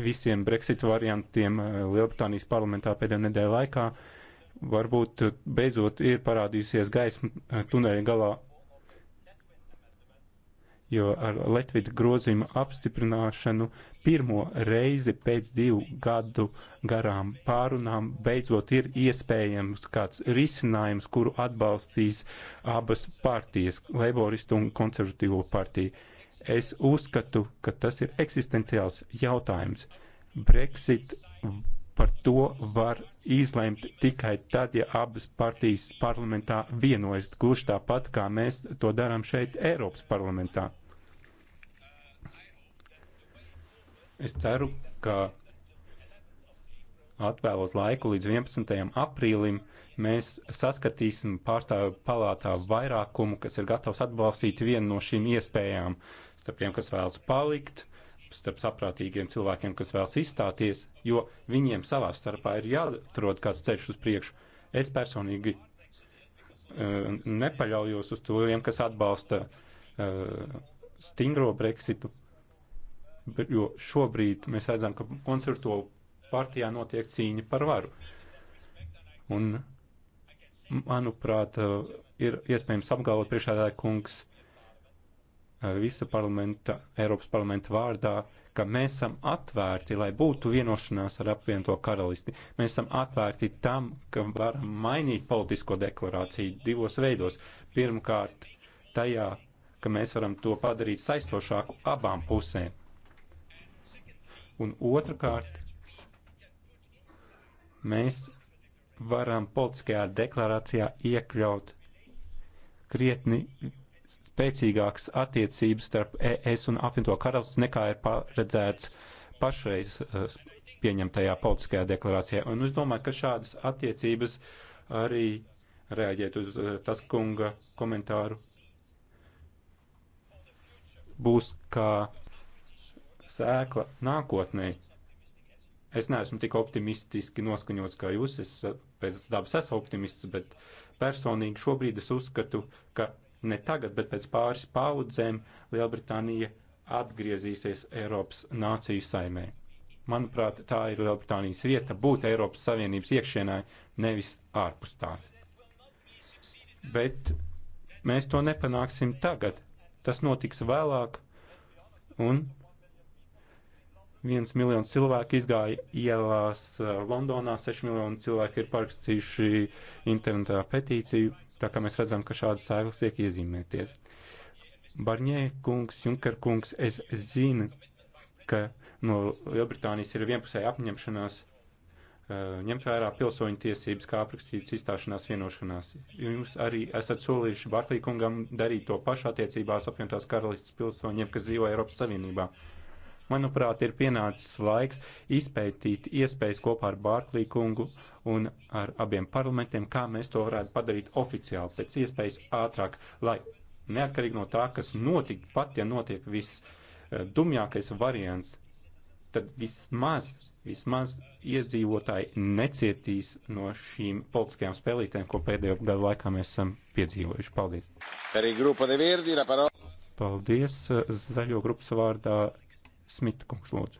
visiem Brexit variantiem Lielbritānijas parlamentā pēdējā nedēļa laikā, varbūt beidzot ir parādījusies gaisma tuneļa galā jo ar Latvijas grozījumu apstiprināšanu pirmo reizi pēc divu gadu garām pārunām beidzot ir iespējams kāds risinājums, kuru atbalstīs abas partijas - Leiboristu un Konservatīvo partiju. Es uzskatu, ka tas ir eksistenciāls jautājums. Brexit par to var izlemt tikai tad, ja abas partijas parlamentā vienojas, gluži tāpat kā mēs to darām šeit Eiropas parlamentā Es ceru, ka atvēlot laiku līdz 11. aprīlim, mēs saskatīsim pārstāvju palātā vairākumu, kas ir gatavs atbalstīt vienu no šīm iespējām, starp tiem, kas vēlas palikt, starp saprātīgiem cilvēkiem, kas vēlas izstāties, jo viņiem savā starpā ir jāatrod kāds ceļš uz priekšu. Es personīgi uh, nepaļaujos uz tiem, kas atbalsta uh, stingro Brexitu, jo šobrīd mēs redzam, ka konservatīvo partijā notiek cīņa par varu. Un, manuprāt, ir iespējams apgalvot priekšādāja kungs eh, visa parlamenta, Eiropas parlamenta vārdā, ka mēs esam atvērti, lai būtu vienošanās ar apvienoto karalisti. Mēs esam atvērti tam, ka varam mainīt politisko deklarāciju divos veidos. Pirmkārt, tajā, ka mēs varam to padarīt saistošāku abām pusēm Un otrkārt, mēs varam politiskajā deklarācijā iekļaut krietni spēcīgākas attiecības starp ES un apvienoto karalistu nekā ir paredzēts pašreiz eh, pieņemtajā politiskajā deklarācijā. Un es domāju, ka šādas attiecības arī reaģēt uz eh, tas kunga komentāru būs kā sēkla nākotnē. Es neesmu tik optimistiski noskaņots kā jūs, es eh, pēc dabas esmu optimists, bet personīgi šobrīd es uzskatu, ka ne tagad, bet pēc pāris paudzēm Lielbritānija atgriezīsies Eiropas nāciju saimē. Manuprāt, tā ir Lielbritānijas vieta būt Eiropas Savienības iekšienē, nevis ārpus tās. Bet mēs to nepanāksim tagad. Tas notiks vēlāk, un viens miljons cilvēku izgāja ielās uh, Londonā, seši miljoni cilvēki ir parakstījuši internetā petīciju, tā kā mēs redzam, ka šādas sēklas tiek iezīmēties. Barņē kungs, Junker kungs, es zinu, ka no Lielbritānijas ir vienpusēja apņemšanās uh, ņemt vērā pilsoņu tiesības, kā aprakstīts izstāšanās vienošanās. Jūs arī esat solījuši Barklīkungam darīt to pašu attiecībās apvienotās karalistas pilsoņiem, kas dzīvo Eiropas Savienībā. Manuprāt, ir pienācis laiks izpētīt iespējas kopā ar Bārklī kungu un ar abiem parlamentiem, kā mēs to varētu padarīt oficiāli, pēc iespējas ātrāk, lai neatkarīgi no tā, kas notiek, pat ja notiek viss eh, dumjākais variants, tad vismaz, vismaz iedzīvotāji necietīs no šīm politiskajām spēlītēm, ko pēdējo gadu laikā mēs esam piedzīvojuši. Paldies! Paldies! Eh, zaļo grupas vārdā Smita kungs lūdzu.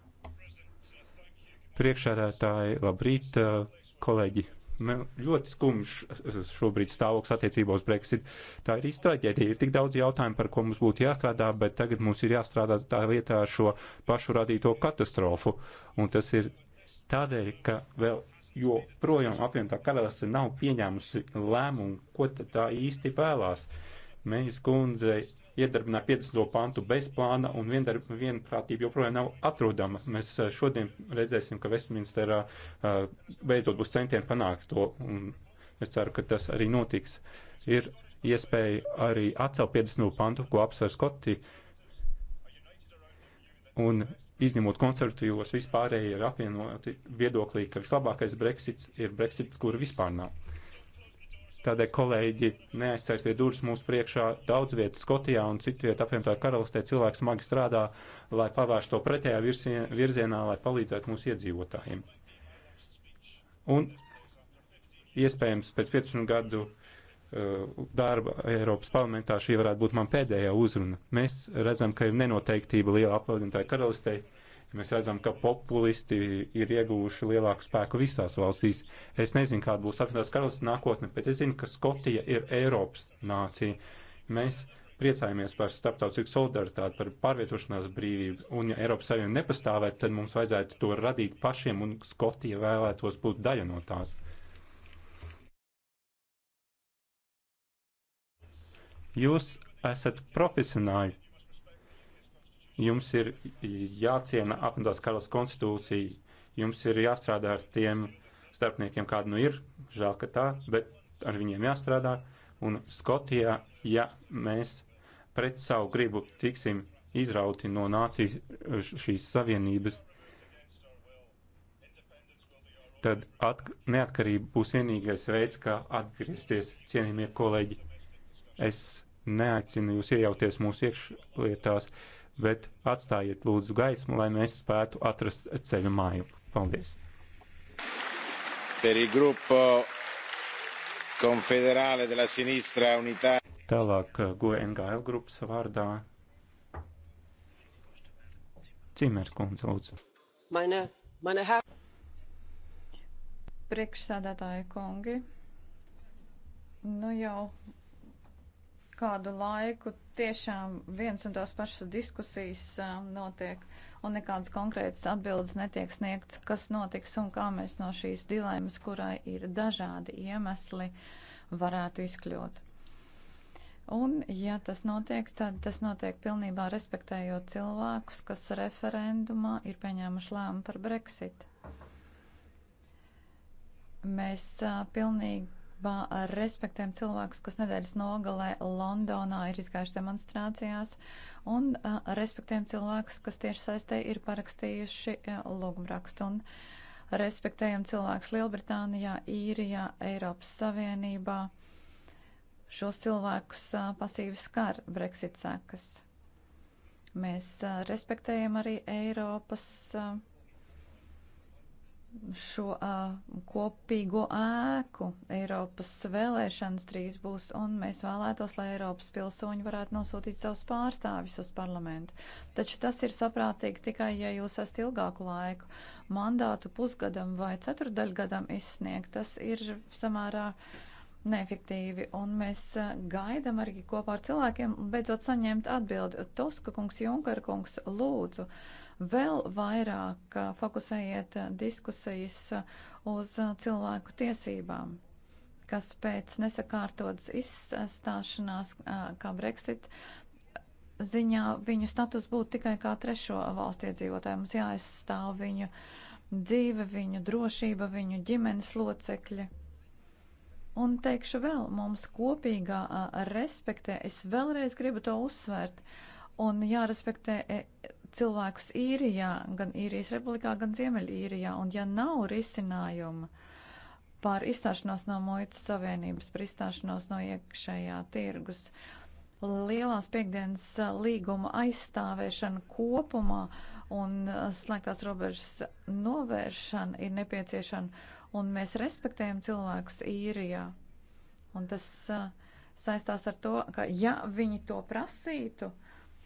Priekšsēdētāji, labrīt, kolēģi. Man ļoti skumjš šobrīd stāvoklis attiecībā uz Brexit. Tā ir iztraģēdija. Ir tik daudz jautājumu, par ko mums būtu jāstrādā, bet tagad mums ir jāstrādā tā vietā ar šo pašu radīto katastrofu. Un tas ir tādēļ, ka vēl joprojām apvienotā karaliste nav pieņēmusi lēmumu, ko tā īsti vēlās. Mēģis kundzei iedarbināja 50. pantu bez plāna un viendarb, vienprātība joprojām nav atrodama. Mēs šodien redzēsim, ka Vestminsterā beidzot būs centieni panākt to, un es ceru, ka tas arī notiks. Ir iespēja arī atcelt 50. pantu, ko apsver Skoti, un izņemot konservatīvos, vispārēji ir apvienoti viedoklī, ka vislabākais Brexits ir Brexits, kura vispār nav. Tādēļ, kolēģi, neaizcerieties durvis mūsu priekšā. Daudz vietas Skotijā un citu vietu apvienotā karalistē cilvēki smagi strādā, lai pavērstu to pretējā virzienā, lai palīdzētu mūsu iedzīvotājiem. Un iespējams pēc 15 gadu uh, darba Eiropas parlamentā šī varētu būt man pēdējā uzruna. Mēs redzam, ka ir nenoteiktība liela apvienotāja karalistē. Mēs redzam, ka populisti ir ieguvuši lielāku spēku visās valstīs. Es nezinu, kāda būs apvienotās karalistas nākotne, bet es zinu, ka Skotija ir Eiropas nācija. Mēs priecājamies par starptautisku solidaritāti, par pārvietošanās brīvību, un ja Eiropas Savienība nepastāvētu, tad mums vajadzētu to radīt pašiem, un Skotija vēlētos būt daļa no tās. Jūs esat profesionāļi, Jums ir jāciena apvienotās karalas konstitūcija, jums ir jāstrādā ar tiem starpniekiem, kāda nu ir, žēl, ka tā, bet ar viņiem jāstrādā. Un Skotijā, ja mēs pret savu gribu tiksim izrauti no nācijas šīs savienības, tad neatkarība būs vienīgais veids, kā atgriezties, cienījamie kolēģi. Es neaicinu jūs iejauties mūsu iekšlietās. Uh, bet atstājiet lūdzu gaismu, lai mēs spētu atrast ceļu māju. Paldies! Per il gruppo confederale della sinistra unità. Tālāk eh, GNGL e grupas vārdā. Cimers kundze, lūdzu. Meine, meine Herr. Priekšsādātāji kungi, nu jau kādu laiku tiešām viens un tās pašas diskusijas um, notiek un nekādas konkrētas atbildes netiek sniegts, kas notiks un kā mēs no šīs dilemmas, kurai ir dažādi iemesli, varētu izkļūt. Un, ja tas notiek, tad tas notiek pilnībā respektējot cilvēkus, kas referendumā ir pieņēmuši lēmumu par Brexit. Mēs a, uh, pilnīgi respektējam cilvēkus, kas nedēļas nogalē Londonā ir izgājuši demonstrācijās, un respektējam cilvēkus, kas tieši saistē ir parakstījuši lūgumrakstu, un respektējam cilvēkus Lielbritānijā, Īrijā, Eiropas Savienībā. Šos cilvēkus pasīvi skar Brexit sekas. Mēs respektējam arī Eiropas. Uh, šo uh, kopīgo ēku. Eiropas vēlēšanas drīz būs, un mēs vēlētos, lai Eiropas pilsoņi varētu nosūtīt savus pārstāvis uz parlamentu. Taču tas ir saprātīgi tikai, ja jūs esat ilgāku laiku mandātu pusgadam vai ceturdaļgadam izsniegt. Tas ir samērā neefektīvi, un mēs gaidam arī kopā ar cilvēkiem beidzot saņemt atbildi. Tuska kungs, Junkar kungs, lūdzu. Uh, vēl vairāk fokusējiet diskusijas uz cilvēku tiesībām, kas pēc nesakārtotas izstāšanās, kā Brexit, ziņā viņu status būtu tikai kā trešo valstu iedzīvotāju. Mums jāaizstāv viņu dzīve, viņu drošība, viņu ģimenes locekļi. Un teikšu vēl, mums kopīgā respektē, es vēlreiz gribu to uzsvērt, un jārespektē e, cilvēkus īrijā, gan īrijas republikā, gan ziemeļīrijā, un ja nav risinājuma par izstāšanos no muitas savienības, par izstāšanos no iekšējā tirgus, lielās piekdienas līguma aizstāvēšana kopumā un slēgtās robežas novēršana ir nepieciešama, un mēs respektējam cilvēkus īrijā. Un tas saistās ar to, ka ja viņi to prasītu,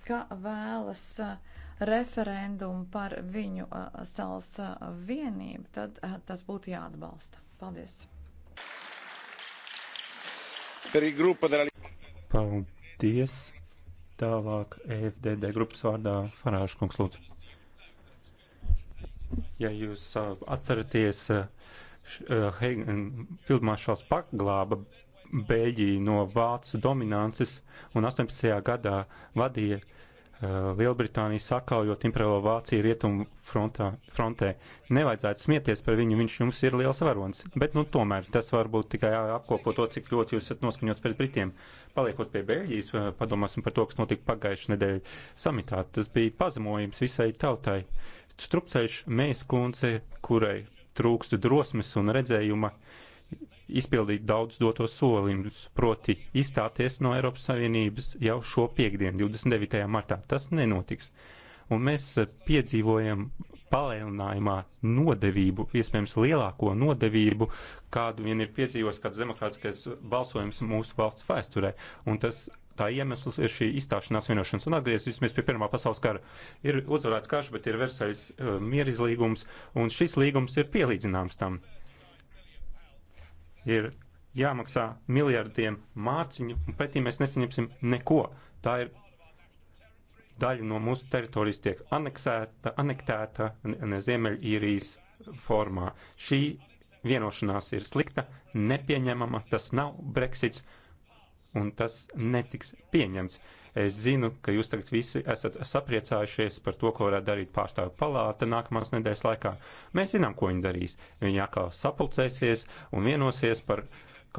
ka vēlas uh, referendumu par viņu salas vienību, tad tas būtu jāatbalsta. Paldies! Paldies! Tālāk EFDD grupas vārdā Farāšu kungs lūdzu. Ja jūs atceraties, Fildmāršals paglāba Beļģiju no Vācu dominances un 18. gadā vadīja Lielbritānija sakaujot Imperiālo Vāciju rietumu frontā, frontē. Nevajadzētu smieties par viņu, viņš jums ir liels varonis. Bet, nu, tomēr tas varbūt tikai apkopo to, cik ļoti jūs esat noskaņots pret Britiem. Paliekot pie Beļģijas, padomāsim par to, kas notika pagājušajā nedēļā samitā. Tas bija pazemojums visai tautai. Strupceļš mēs kundze, kurai trūkst drosmes un redzējuma. Uh, izpildīt daudz dotos solījumus, proti izstāties no Eiropas Savienības jau šo piekdienu, 29. martā. Tas nenotiks. Un mēs eh, piedzīvojam palēninājumā nodevību, iespējams lielāko nodevību, kādu vien ir piedzīvos kāds demokrātiskais balsojums mūsu valsts vēsturē. Un tas tā iemesls ir šī izstāšanās vienošanas. Un atgriezīsimies pie Pirmā pasaules kara. Ir uzvarēts karš, bet ir versējis uh, eh, mierizlīgums, un šis līgums ir pielīdzināms tam ir jāmaksā miljardiem mārciņu, un pretī mēs nesaņemsim neko. Tā ir daļa no mūsu teritorijas tiek aneksēta, anektēta Ziemeļīrijas formā. Šī vienošanās ir slikta, nepieņemama, tas nav Brexits, un tas netiks pieņemts. Es zinu, ka jūs tagad visi esat sapriecājušies par to, ko varētu darīt pārstāvju palāta nākamās nedēļas laikā. Mēs zinām, ko viņi darīs. Viņi atkal sapulcēsies un vienosies par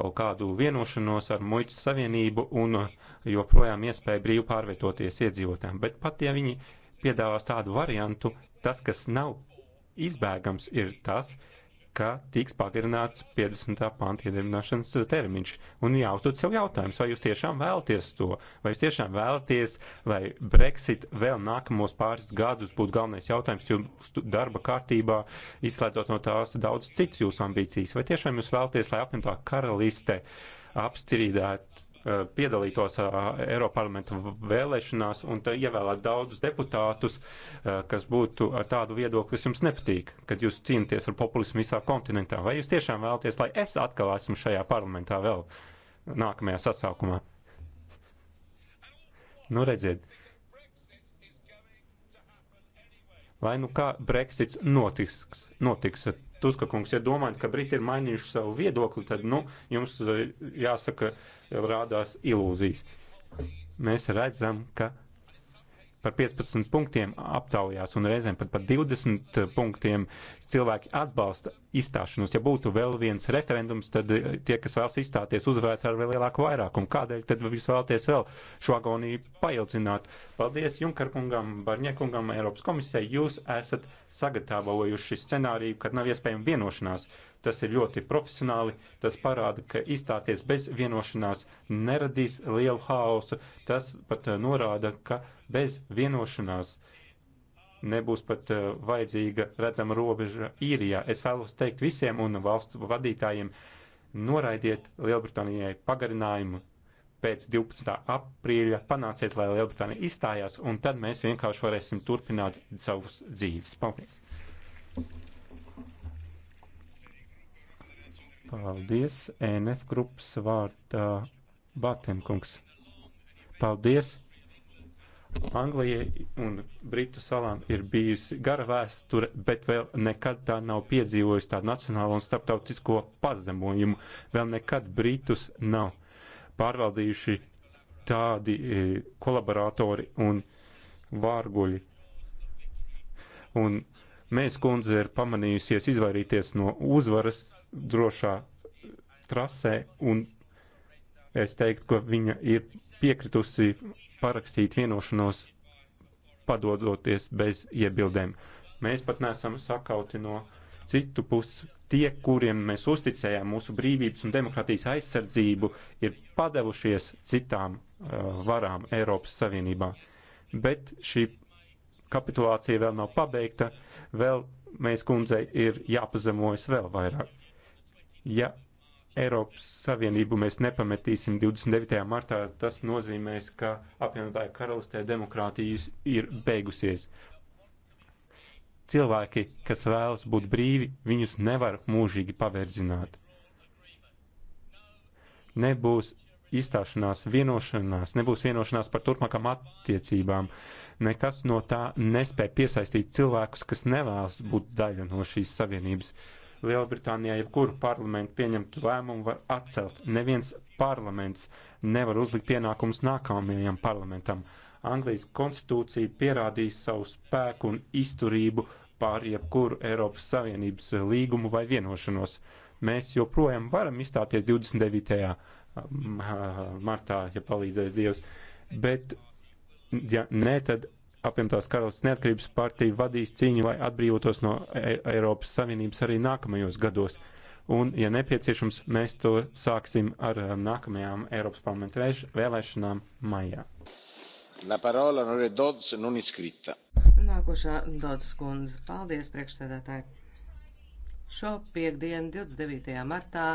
kaut kādu vienošanos ar muitas savienību un joprojām iespēju brīvi pārvietoties iedzīvotājiem. Bet pat ja viņi piedāvās tādu variantu, tas, kas nav izbēgams, ir tas, ka tiks pagarināts 50. pānta iedarbināšanas termiņš. Un jāuzdod sev jautājums, vai jūs tiešām vēlaties to, vai jūs tiešām vēlaties, lai Brexit vēl nākamos pāris gadus būtu galvenais jautājums jūsu darba kārtībā, izslēdzot no tās daudz citas jūsu ambīcijas, vai tiešām jūs vēlaties, lai apņemtā karaliste apstrīdētu Eh, piedalītos eh, Eiropa parlamenta vēlēšanās un ievēlēt daudzus deputātus, eh, kas būtu ar tādu viedokli, kas jums nepatīk, kad jūs cīnāties ar populismu visā kontinentā. Vai jūs tiešām vēlaties, lai es atkal esmu šajā parlamentā vēl nākamajā sasaukumā? Nu, redziet. Lai nu kā Brexits notiks, notiks Tuska kungs, ja domājat, ka Briti ir mainījuši savu viedokli, tad, nu, jums jāsaka, uh, rādās ilūzijas. Mēs redzam, ka par 15 punktiem aptaujās un reizēm pat par 20 punktiem cilvēki atbalsta izstāšanos. Ja būtu vēl viens referendums, tad eh, tie, kas vēlas izstāties, uzvarētu ar vēl lielāku vairākumu. Kādēļ tad jūs vēlaties vēl šo agoniju paildzināt? Paldies Junkarkungam, Barņiekungam, Eiropas komisijai. Jūs esat sagatavojuši scenāriju, kad nav iespējama vienošanās. Tas ir ļoti profesionāli. Tas parāda, ka izstāties bez vienošanās neradīs lielu haosu. Tas pat eh, norāda, ka bez vienošanās nebūs pat eh, vajadzīga redzama robeža īrijā. Es vēlos teikt visiem un valstu vadītājiem, noraidiet Lielbritānijai pagarinājumu pēc 12. aprīļa, panāciet, lai Lielbritānija izstājās, un tad mēs vienkārši varēsim turpināt savus dzīves. Paldies! Paldies, e NF grupas vārtā Batenkungs. Paldies! Anglijai un Britu salām ir bijusi gara vēsture, bet vēl nekad tā nav piedzīvojusi tādu nacionālo un starptautisko pazemojumu. Vēl nekad Britus nav pārvaldījuši tādi e, kolaboratori un vārguļi. Un mēs, kundze, ir pamanījusies izvairīties no uzvaras drošā trasē, un es teiktu, ka viņa ir piekritusi parakstīt vienošanos, padodoties bez iebildēm. Mēs pat nesam sakauti no citu puses. Tie, kuriem mēs uzticējām mūsu brīvības un demokrātijas aizsardzību, ir padevušies citām uh, varām Eiropas Savienībā. Bet šī kapitulācija vēl nav pabeigta, vēl mēs kundzei ir jāpazemojas vēl vairāk. Ja Eiropas Savienību mēs nepametīsim 29. martā, tas nozīmēs, ka apvienotāja karalistē demokrātijas ir beigusies. Cilvēki, kas vēlas būt brīvi, viņus nevar mūžīgi paverdzināt. Nebūs izstāšanās vienošanās, nebūs vienošanās par turpmākām attiecībām. Nekas no tā nespēja piesaistīt cilvēkus, kas nevēlas būt daļa no šīs savienības. Uh, Lielbritānijā jebkuru parlamentu pieņemtu lēmumu var atcelt. Neviens parlaments nevar uzlikt pienākumus nākamajam parlamentam. Anglijas konstitūcija pierādīs savu spēku un izturību pār jebkuru Eiropas Savienības līgumu vai vienošanos. Mēs joprojām varam izstāties 29. Um, martā, ja palīdzēs Dievs, bet ja nē, tad apvienotās karalists neatkarības partija vadīs cīņu, lai atbrīvotos no Ei Eiropas Savienības arī nākamajos gados. Un, ja nepieciešams, mēs to sāksim ar um, nākamajām Eiropas parlamenta vēlēšanām maijā. La parola non è Dodds, non iscritta. Nākošā Dodds kundze. Paldies, priekšsēdētāji. Šo piekdienu, 29. martā,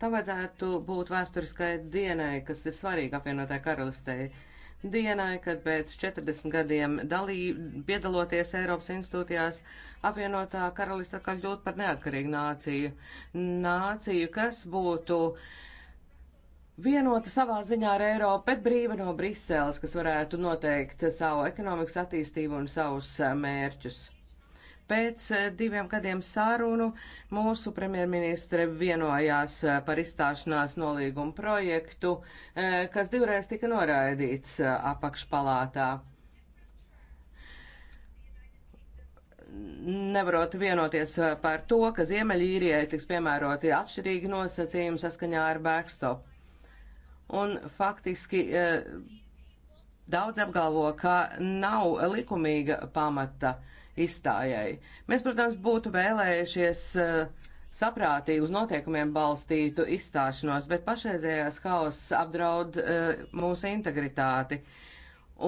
tam vajadzētu būt vēsturiskai dienai, kas ir svarīga apvienotāji karalistei dienai, kad pēc 40 gadiem dalī, piedaloties Eiropas institūcijās, apvienotā karalista atkal kļūt par neatkarīgu nāciju. Nāciju, kas būtu vienota savā ziņā ar Eiropu, bet brīva no Briseles, kas varētu noteikt savu ekonomikas attīstību un savus eh, mērķus. Pēc eh, diviem gadiem sārunu mūsu premjerministre vienojās eh, par izstāšanās nolīgumu projektu, eh, kas divreiz tika noraidīts apakšpalātā. nevarot vienoties par to, ka Ziemeļīrijai tiks piemēroti atšķirīgi nosacījumi saskaņā ar backstop. Un faktiski daudz apgalvo, ka nav likumīga pamata uh, izstājai. Mēs, protams, būtu vēlējušies eh, saprātīgi uz noteikumiem balstītu izstāšanos, bet pašreizējās hauss apdraud eh, mūsu integritāti,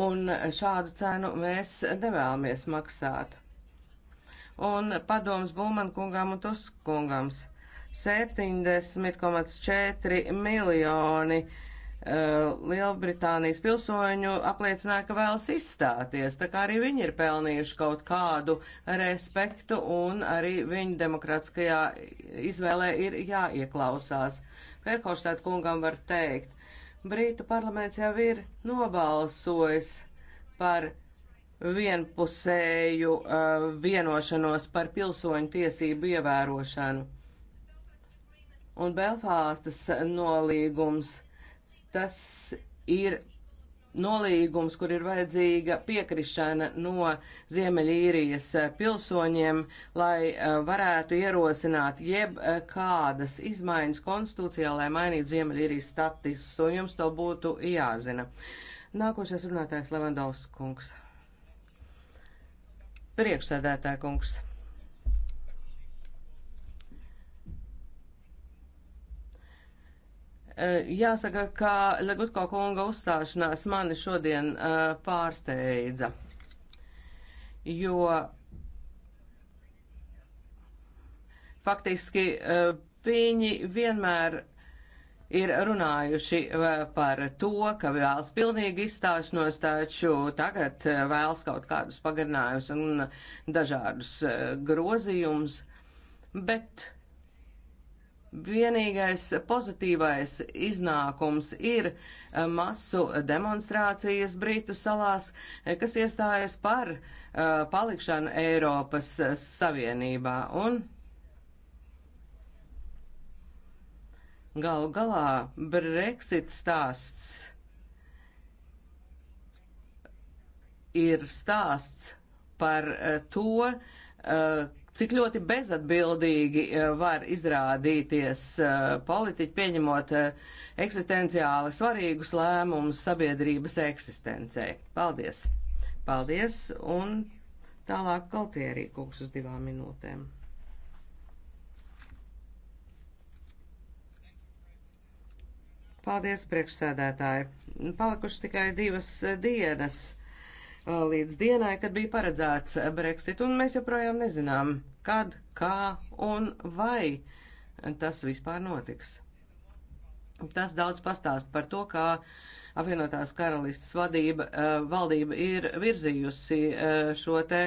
un šādu cenu mēs nevēlamies maksāt. Un padoms Bulman kungam un Tusk kungams 70,4 miljoni uh, Eh, Lielbritānijas pilsoņu apliecināja, ka vēlas izstāties, tā kā arī viņi ir pelnījuši kaut kādu respektu un arī viņu demokratiskajā izvēlē ir jāieklausās. Pērkoštāt kungam var teikt, Brītu parlaments jau ir nobalsojis par vienpusēju uh, vienošanos par pilsoņu tiesību ievērošanu. Un Belfāstas nolīgums uh, Tas ir nolīgums, kur ir vajadzīga piekrišana no Ziemeļīrijas pilsoņiem, lai e, varētu ierosināt jeb e, kādas izmaiņas konstitūcijā, lai mainītu Ziemeļīrijas statisus, un jums to būtu jāzina. Nākošais runātājs Levandovs kungs. Priekšsēdētāja kungs. E, jāsaka, ka Legutko kunga uzstāšanās mani šodien e, pārsteidza, jo faktiski e, viņi vienmēr ir runājuši par to, ka vēlas pilnīgi izstāšanos, taču tagad vēlas kaut kādus pagarinājumus un dažādus grozījumus, bet Vienīgais pozitīvais iznākums ir eh, masu demonstrācijas Britu salās, eh, kas iestājas par eh, palikšanu Eiropas Savienībā. Un galu galā Brexit stāsts ir stāsts par to, cik ļoti bezatbildīgi e, var izrādīties e, politiķi pieņemot e, eksistenciāli svarīgus lēmumus sabiedrības eksistencē. Paldies! Paldies! Un tālāk Kaltierī kungs uz divām minūtēm. Paldies, priekšsēdētāji! Palikušas tikai divas dienas Uh, līdz dienai, kad bija paredzēts Brexit, un mēs joprojām nezinām, kad, kā un vai tas vispār notiks. Tas daudz pastāst par to, kā apvienotās karalistas vadība, uh, valdība ir virzījusi uh, šo te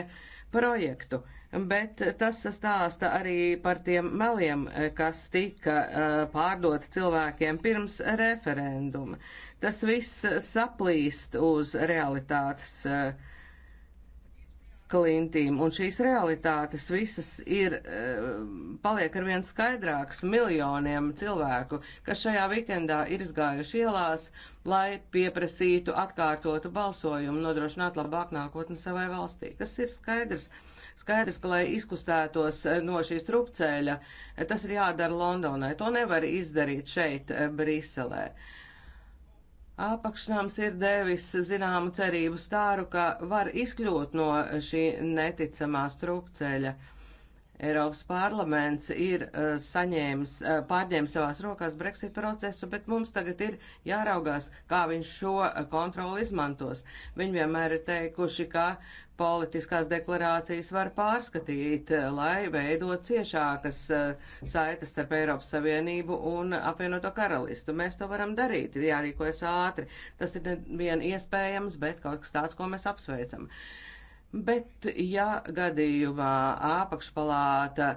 projektu. Uh, Bet tas stāsta arī par tiem meliem, kas tika eh, pārdoti cilvēkiem pirms referenduma. Tas viss saplīst uz realitātes eh, klintīm, un šīs realitātes visas ir, eh, paliek ar vien skaidrāks miljoniem cilvēku, kas šajā vikendā ir izgājuši ielās, lai pieprasītu atkārtotu balsojumu, nodrošināt labāk nākotni savai valstī. Tas ir skaidrs. Uh, Skaidrs, ka, lai izkustētos eh, no šīs trupceļa, eh, tas ir jādara Londonai. To nevar izdarīt šeit, eh, Briselē. Apakšnāms ir devis zināmu cerību stāru, ka var izkļūt no šī neticamā strupceļa. Eiropas parlaments ir uh, saņēmis, uh, pārņēmis savās rokās Brexit procesu, bet mums tagad ir jāraugās, kā viņš šo uh, kontroli izmantos. Viņi vienmēr ir teikuši, ka politiskās deklarācijas var pārskatīt, uh, lai veidot ciešākas uh, saites starp Eiropas Savienību un apvienoto karalistu. Mēs to varam darīt, ir jārīkojas ātri. Tas ir nevien iespējams, bet kaut kas tāds, ko mēs apsveicam. Uh, Bet, ja gadījumā apakšpalāta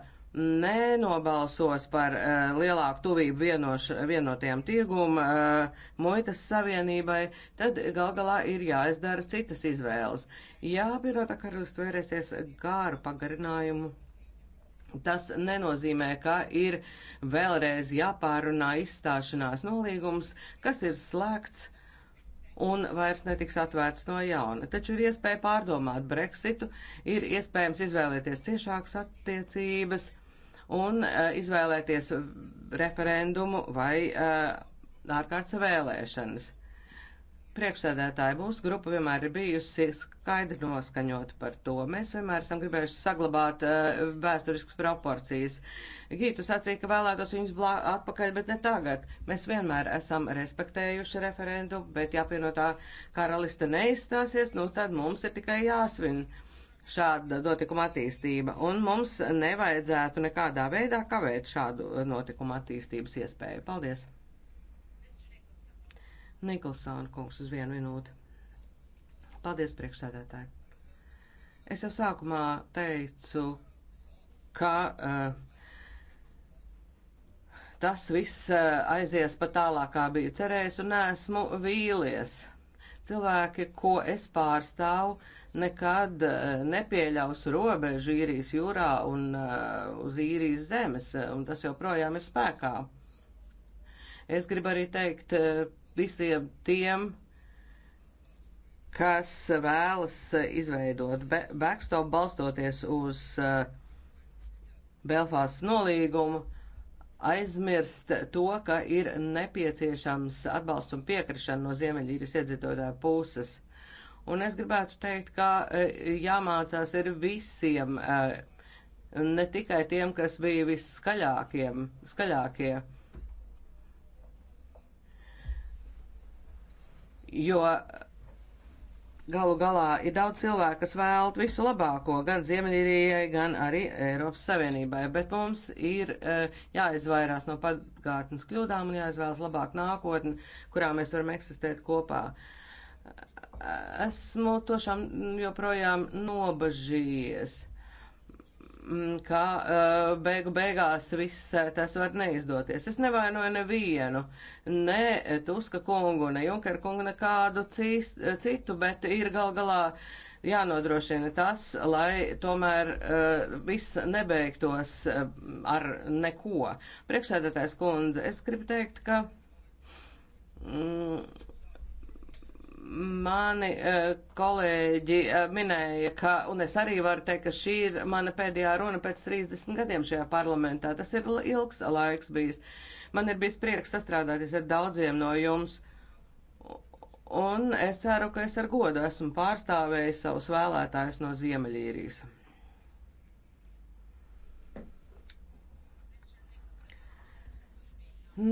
nenobalsos par uh, lielāku tuvību vienoš, vienotajam tirgum uh, muitas savienībai, tad gal galā ir jāizdara citas izvēles. Jā, birota karalist vērēsies gāru pagarinājumu. Tas nenozīmē, ka ir vēlreiz jāpārunā izstāšanās nolīgums, kas ir slēgts un vairs netiks atvērts no jauna. Taču ir iespēja pārdomāt Brexitu, ir iespējams izvēlēties ciešākas attiecības un uh, izvēlēties referendumu vai uh, ārkārtas vēlēšanas. Priekšsēdētāji, mūsu grupa vienmēr ir bijusi skaidri noskaņota par to. Mēs vienmēr esam gribējuši saglabāt uh, vēsturiskas proporcijas. Gītu sacīja, ka vēlētos viņus atpakaļ, bet ne tagad. Mēs vienmēr esam respektējuši referendumu, bet ja apvienotā karaliste neizstāsies, nu tad mums ir tikai jāsvin šāda notikuma attīstība. Un mums nevajadzētu nekādā veidā kavēt šādu eh, notikumu attīstības iespēju. Paldies! Nikolsona kungs uz vienu minūti. Paldies, priekšsēdētāji. Es jau sākumā teicu, ka uh, tas viss eh, aizies pat tālāk, kā biju cerējis, un esmu vīlies. Cilvēki, ko es pārstāvu, nekad eh, nepieļaus robežu īrijas jūrā un uz īrijas zemes, un tas joprojām ir spēkā. Es gribu arī teikt visiem tiem, kas vēlas izveidot backstop balstoties uz eh, Belfāsas nolīgumu, aizmirst to, ka ir nepieciešams atbalsts un piekrišana no Ziemeļīras iedzīvotāju puses. Un es gribētu teikt, ka eh, jāmācās ir visiem, eh, ne tikai tiem, kas bija visskaļākie. Skaļākie jo galu galā ir daudz cilvēku, kas vēlt visu labāko gan Ziemeļīrijai, gan arī Eiropas Savienībai, bet mums ir e, jāizvairās no pagātnes kļūdām un jāizvēlas labāk nākotni, kurā mēs varam eksistēt kopā. E, esmu tošām joprojām nobažījies Mm, ka eh, beigu beigās viss eh, tas var neizdoties. Es nevainoju nevienu, ne Tuska kungu, ne Junker kungu, nekādu eh, citu, bet ir gal galā jānodrošina tas, lai tomēr uh, viss nebeigtos uh, ar neko. Priekšsēdētājs kundze, es gribu teikt, ka mm, Mani eh, kolēģi eh, minēja, ka, un es arī varu teikt, ka šī ir mana pēdējā runa pēc 30 gadiem šajā parlamentā. Tas ir ilgs laiks bijis. Man ir bijis prieks sastrādāties ar daudziem no jums. Un es ceru, ka es ar godu esmu pārstāvējis savus vēlētājus no Ziemeļīrijas.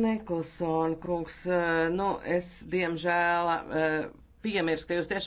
Niklsona kungs, eh, nu es diemžēl piemirst, ka jūs tiešām